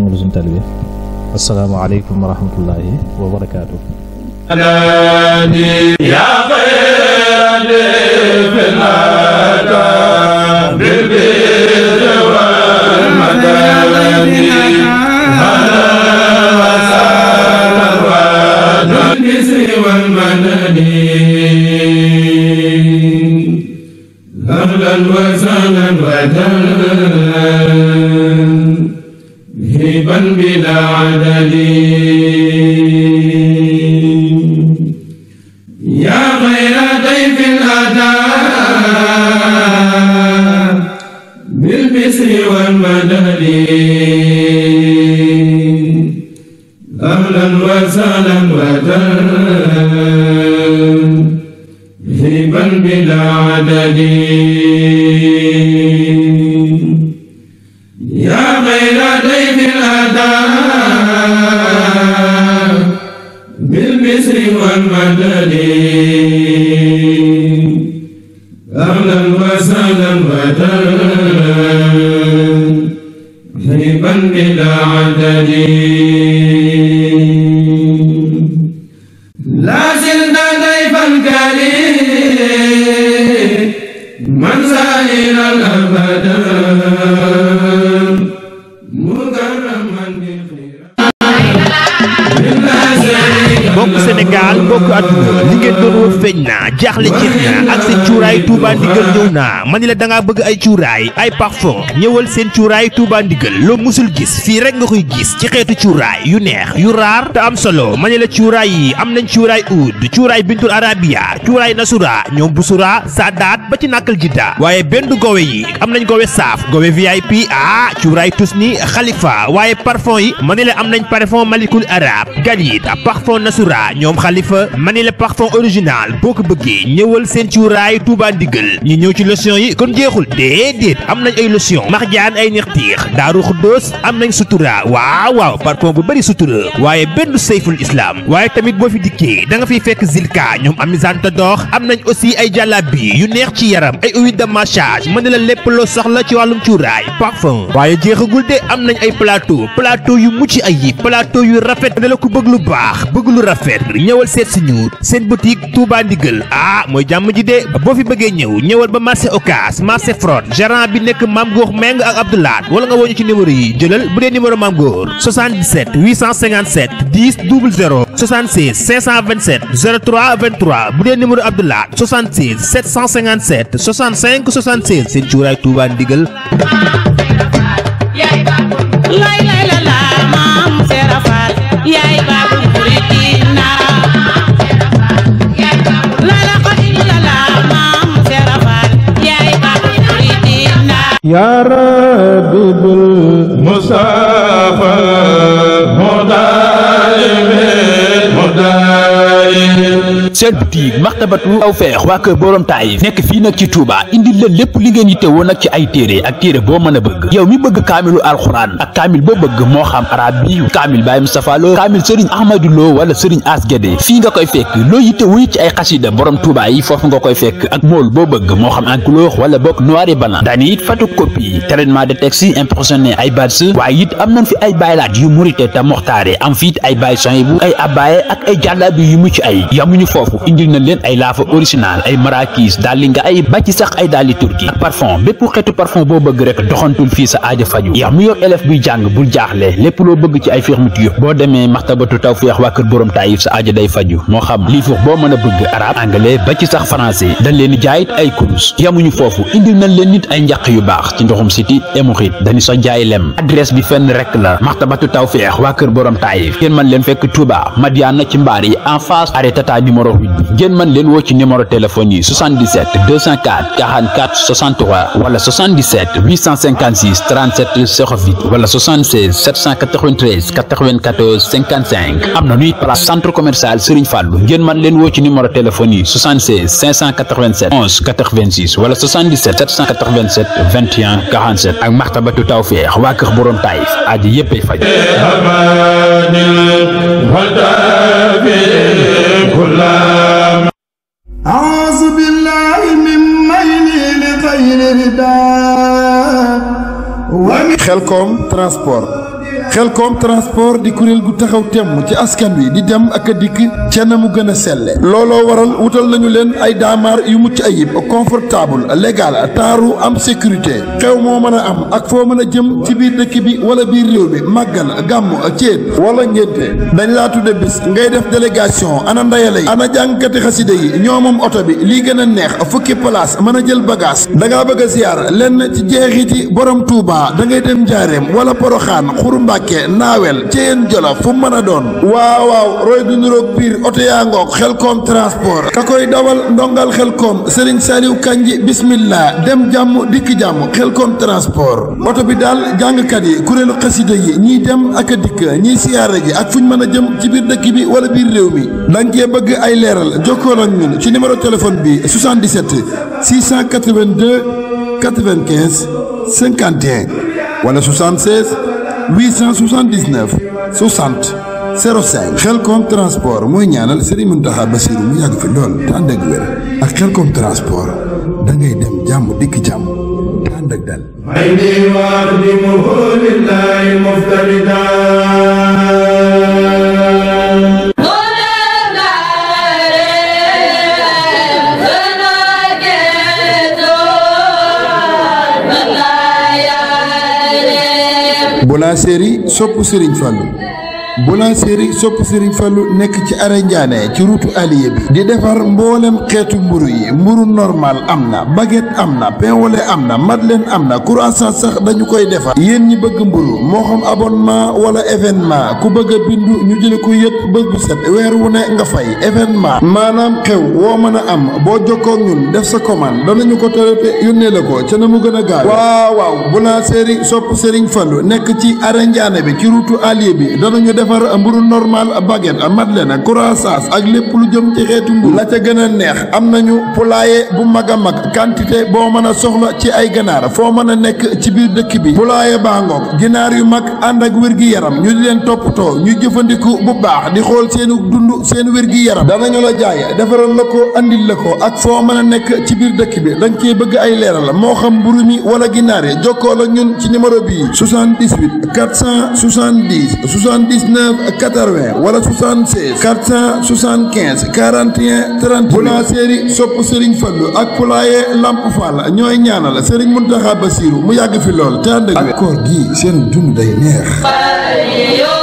ñu ngi lu suñu taalibe asalaamaaleykum wa rahmatullahi wa lépp na الرحيم naa ma ni la dangaa bëgg ay cuuraay ay parfum ñëwal seen cuuraay Touba Ndigal loo musul gis fii rek nga koy gis ci xeetu cuuraay yu neex yu raar te am solo ma ni la cuuraay yi am nañ cuuraay oud cuuraay bintul arabia cuuraay nasura ñoom busura saadaat ba ci nàkkal jidda waaye benn gowe yi am nañ gowe saaf gowe VIP ah cuuraay tusni xalifa waaye parfum yi ma ni la am nañ parfum malikul arab galit parfum nasura ñoom xalifa ma ni la parfum original boo ko bëggee ñëwal seen lotion yi kon jeexul déedéet am nañ ay lotion marjaan ay nix tiix daaru xuddoos am nañ sutura waaw waaw parfum bu bëri sutura waaye benn sayful islam waaye tamit boo fi dikkee da nga fiy fekk zilka ñoom am misante dox am nañ aussi ay jàllabi yu neex ci yaram ay huile de massage mën na la lépp loo soxla ci wàllum cuuraay parfum waaye jeexagul de am nañ ay plateau plateau yu mucc ayib plateau yu rafet ne la ku bëgg lu baax bëgg lu rafet ñëwal seet si ñu seen marché Ocass marché Frod gérant bi nekk Mame Goor Meng ak Abdoulaat wala nga woo ñu ci numéro yi jëlal bu dee numéro Mame Goor 77 857 10 00 76 527 03 23 bu dee numéro Abdoulaat seen cuuraay Touba ndigal. yaa rabbul musaafa seen boutique maxtabatu Tawfekh waa kër borom taayif nekk fii nag ci Touba indi leen lépp li ngeen yittewoo nag ci ay téere ak téere boo mën a bëgg yow mi bëgg kaamilu alxuraan ak kaamil boo bëgg moo xam arab bi kaamil Baye Moustapha Lo kaamil Serigne Ahmadou wala Serigne Asgede fii nga koy fekk loo yittewoo ci ay xasida borom Touba yi foofu nga koy fekk ak mool boo bëgg moo xam en couleur wala bokk noir et blanc dañuy it photocopie traitement de texte impressionné ay badge waaye am nañ fi ay baylaat yu murite te moxtaare am fi it ay baay son bu ay abaaye ak ay jàllaabi yu mucc ay yamuñu foofu bopp indil na leen ay laafa original ay marakis daal li nga ay bàcci sax ay daali turki ak parfum bépp xeetu parfum boo bëgg rek doxantul fii sa aaja faju yow mi yor élève buy jàng bul jaaxle lépp loo bëgg ci ay fermeture boo demee maxtabatu tawfeex waa kër borom taayif sa aaja day faju moo xam livre boo mën a bëgg arabe anglais ba ci sax français dañ leen di jaayit ay kurus yamuñu foofu indil nañ leen nit ay njaq yu baax ci ndoxum siti émurit dañu sa jaay ngeen mën leen woo ci numéro téléphone yi 77 204 44 63 wala 77 856 wala 76 793 am na nuy place centre commercial Serigne Fallou ngeen mën leen woo ci numéro téléphone yi 76 587 11 86 wala 77 787 21 47 ak maxtabatu tawfeex waa kër borom taayif aji yéppay faj غلاما أعوذ بالله من ميلي لغير رداء خلكم ترانسبورت Khelcom transport di kuréel gu taxaw temm ci askan wi di dem ak a dikk ca na mu gën a selle looloo waral wutal nañu leen ay daamaar yu mucc ayib confortable légal taaru am sécurité xew moo mën a am ak foo mën a jëm ci biir dëkk bi wala biir réew bi màggal gàmm céet wala ngénte dañ laatu tudde ngay def délégation ana ndayale yi ana jàngkati xaside yi ñoo moom oto bi lii gën a neex fukki place mën a jël bagage da ngaa bëgg a ziyaar lenn ci jeexiti borom Touba da ngay dem Njaareem Mbàkke naawel ceyeen jola fu mën a doon waaw waaw roy du nuroog biir oto yaa ngoog xelkoom transport ka koy dawal ndongal xelkoom Serigne Saliou Kanji bismillah dem jàmm dikk jàmm xelkoom transport oto bi daal jàngkat yi kuréelu xasida yi ñiy dem ak a dikk ñiy siyaare ji ak fu ñu mën a jëm ci biir dëkk bi wala biir réew mi danga cee bëgg ay leeral jokkool ak ñun ci numéro téléphone bi 77 682 95 51 wala 76 879 60 05 Xelcom transport mooy ñaanal Serigne Mountakha Bassirou mu yàgg fi lool te ànd ak wér ak Xelcom transport da ngay dem jàmm dikk jàmm te ànd ak dal série sopp Serigne Fallou Boulanger Serigne sopp Serigne Fallou nekk ci arrêt Ndiané ci route allié bi di defar mboolem xeetu mburu yi mburu normal am na baguette am na pain au am na leen am na croissant sax dañu koy defar yéen ñi bëgg mburu moo xam abonnement wala événement ku bëgg a bindu ñu jële ko yëpp bëgg set weer wu ne nga fay événement maanaam xew woo mën a am boo jokkoo ñun def sa commande danañu ko traité yónnee la ko ca na mu gën a gaaw waaw waaw Boulanger Serigne sopp Serigne Fallou nekk ci arrêt bi ci route allié bi danañu def defar mburu normal baguette madeleine croissant ak lépp lu jëm ci xeetu mburu la ca gën a neex am na ñu poulailler bu mag a mag quantité boo mën a soxla ci ay ganaar foo mën a nekk ci biir dëkk bi poulailler baa ngoog ginaar yu mag ànd ak wér gi yaram ñu di leen toppatoo ñu jëfandiku bu baax di xool seen dund seen wér gi yaram danañu la jaay defaral la ko andil la ko ak foo mën a nekk ci biir dëkk bi da nga cee bëgg ay leeral moo xam mburu mi wala ginaar yi jokkoo la ci numéro bii 78 470 79 79 80 wala 76 475 41 30 bu la séeri sopp Serigne Fallou ak poulailler Lamp Fall ñooy ñaanal Serigne Mountakha Bassirou mu yàgg fi lool te ànd ak koor gi seen dund day neex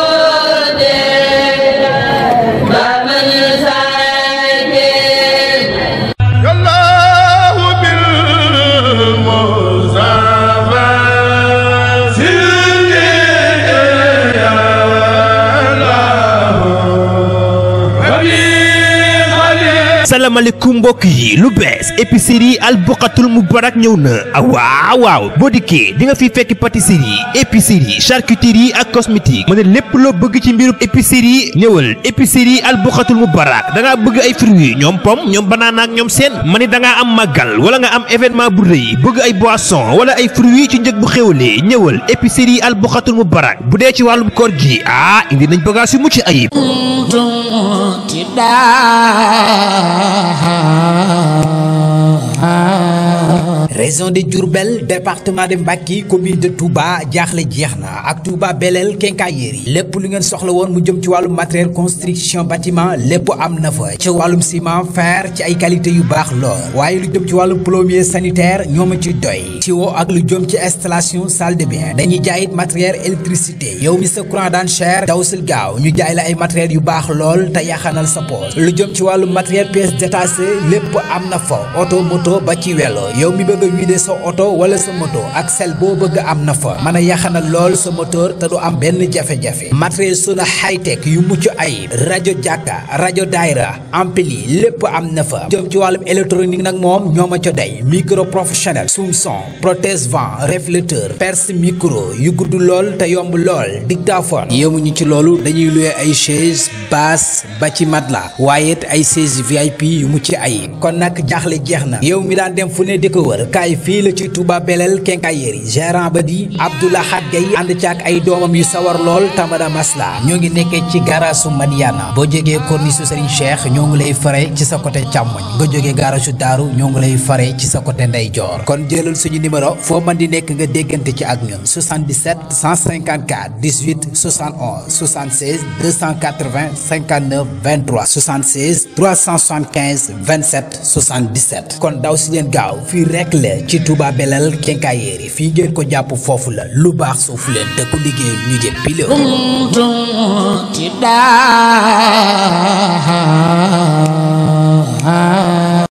salaamaaleykum mbokk yi lu bees épicerie al mu mubarak ñëw na ah, waaw waaw boo dikkee di nga fiy fekk pâtisserie épicerie charcuterie ak cosmétique ma ne lépp loo bëgg ci mbirum épicerie ñëwal épicerie al buqatul mubarak da ngaa bëgg ay fruits ñoom pomme ñoom banaana ak ñoom seen ma ne danga am màggal wala nga am événement bu rëy bëgg ay boissons wala ay fruits ci njëg bu xéwalee ñëwal épicerie al buqatul mubarak bu dee ci wàllum koor gi ah indi nañ bagage yu mucc ayib. ah ah ah région de Diourbel département de Mbacké commune de Touba jaaxle jeex na ak Touba Belel Quincaillerie yi lépp lu ngeen soxla woon mu jëm ci wàllum matériel construction bâtiment lépp am na fa ci wàllum ciment fer ci ay qualité yu baax lool waaye lu jëm ci wàllum plombier sanitaire ñoo ma ci doy wo ak lu jëm ci installation salle de bain dañuy jaayit matériel électricité yow mi sa courant daan cher daw sil gaaw ñu jaay la ay matériel yu baax lool te yaxanal sa poche lu jëm ci wàllum matériel pièces détachées lépp am na fa oto moto ba bëgg sa oto wala sa ak sel boo bëgg am na fa mën a yaxanal lool sa moteur te am benn jafe matériel sona high yu mucc ay rajo jàkka rajo daayra ampli lépp am na fa jëm ci wàllum électronique nag moom ñoo ma co day micro professionnel sumson protège vent réflecteur perce micro yu gudd lool te yomb lool dictaphone yéemuñu ci loolu dañuy luye ay chaise basse ba ci matelas waaye it ay chaise VIP yu mucc ay kon nag jaaxle jeex na yow mi daan dem fu ne di ko wër kaay fii la ci Touba Belel Quincaillerie gérant ba di Abdoulahad Gaye ànd ci ak ay doomam yu sawar lool tamara masla ñoo ngi nekkee ci garage su Madiana boo jógee corniche su Serigne Cheikh ñoo ngi lay fare ci sa côté càmmoñ nga jógee garage su Daaru ñoo ngi lay fare ci sa côté ndeyjoor kon jëlal suñu numéro foo man di nekk nga déggante ci ak ñun 77 154 18 71 76 280 59 23 76 375 27 77 kon daw si leen gaaw fii rek la ci Touba Belal kenkaayéeri fii ko jàpp foofu la lu baax suuf leen te ku liggéeyul ñu jëm pile ci daa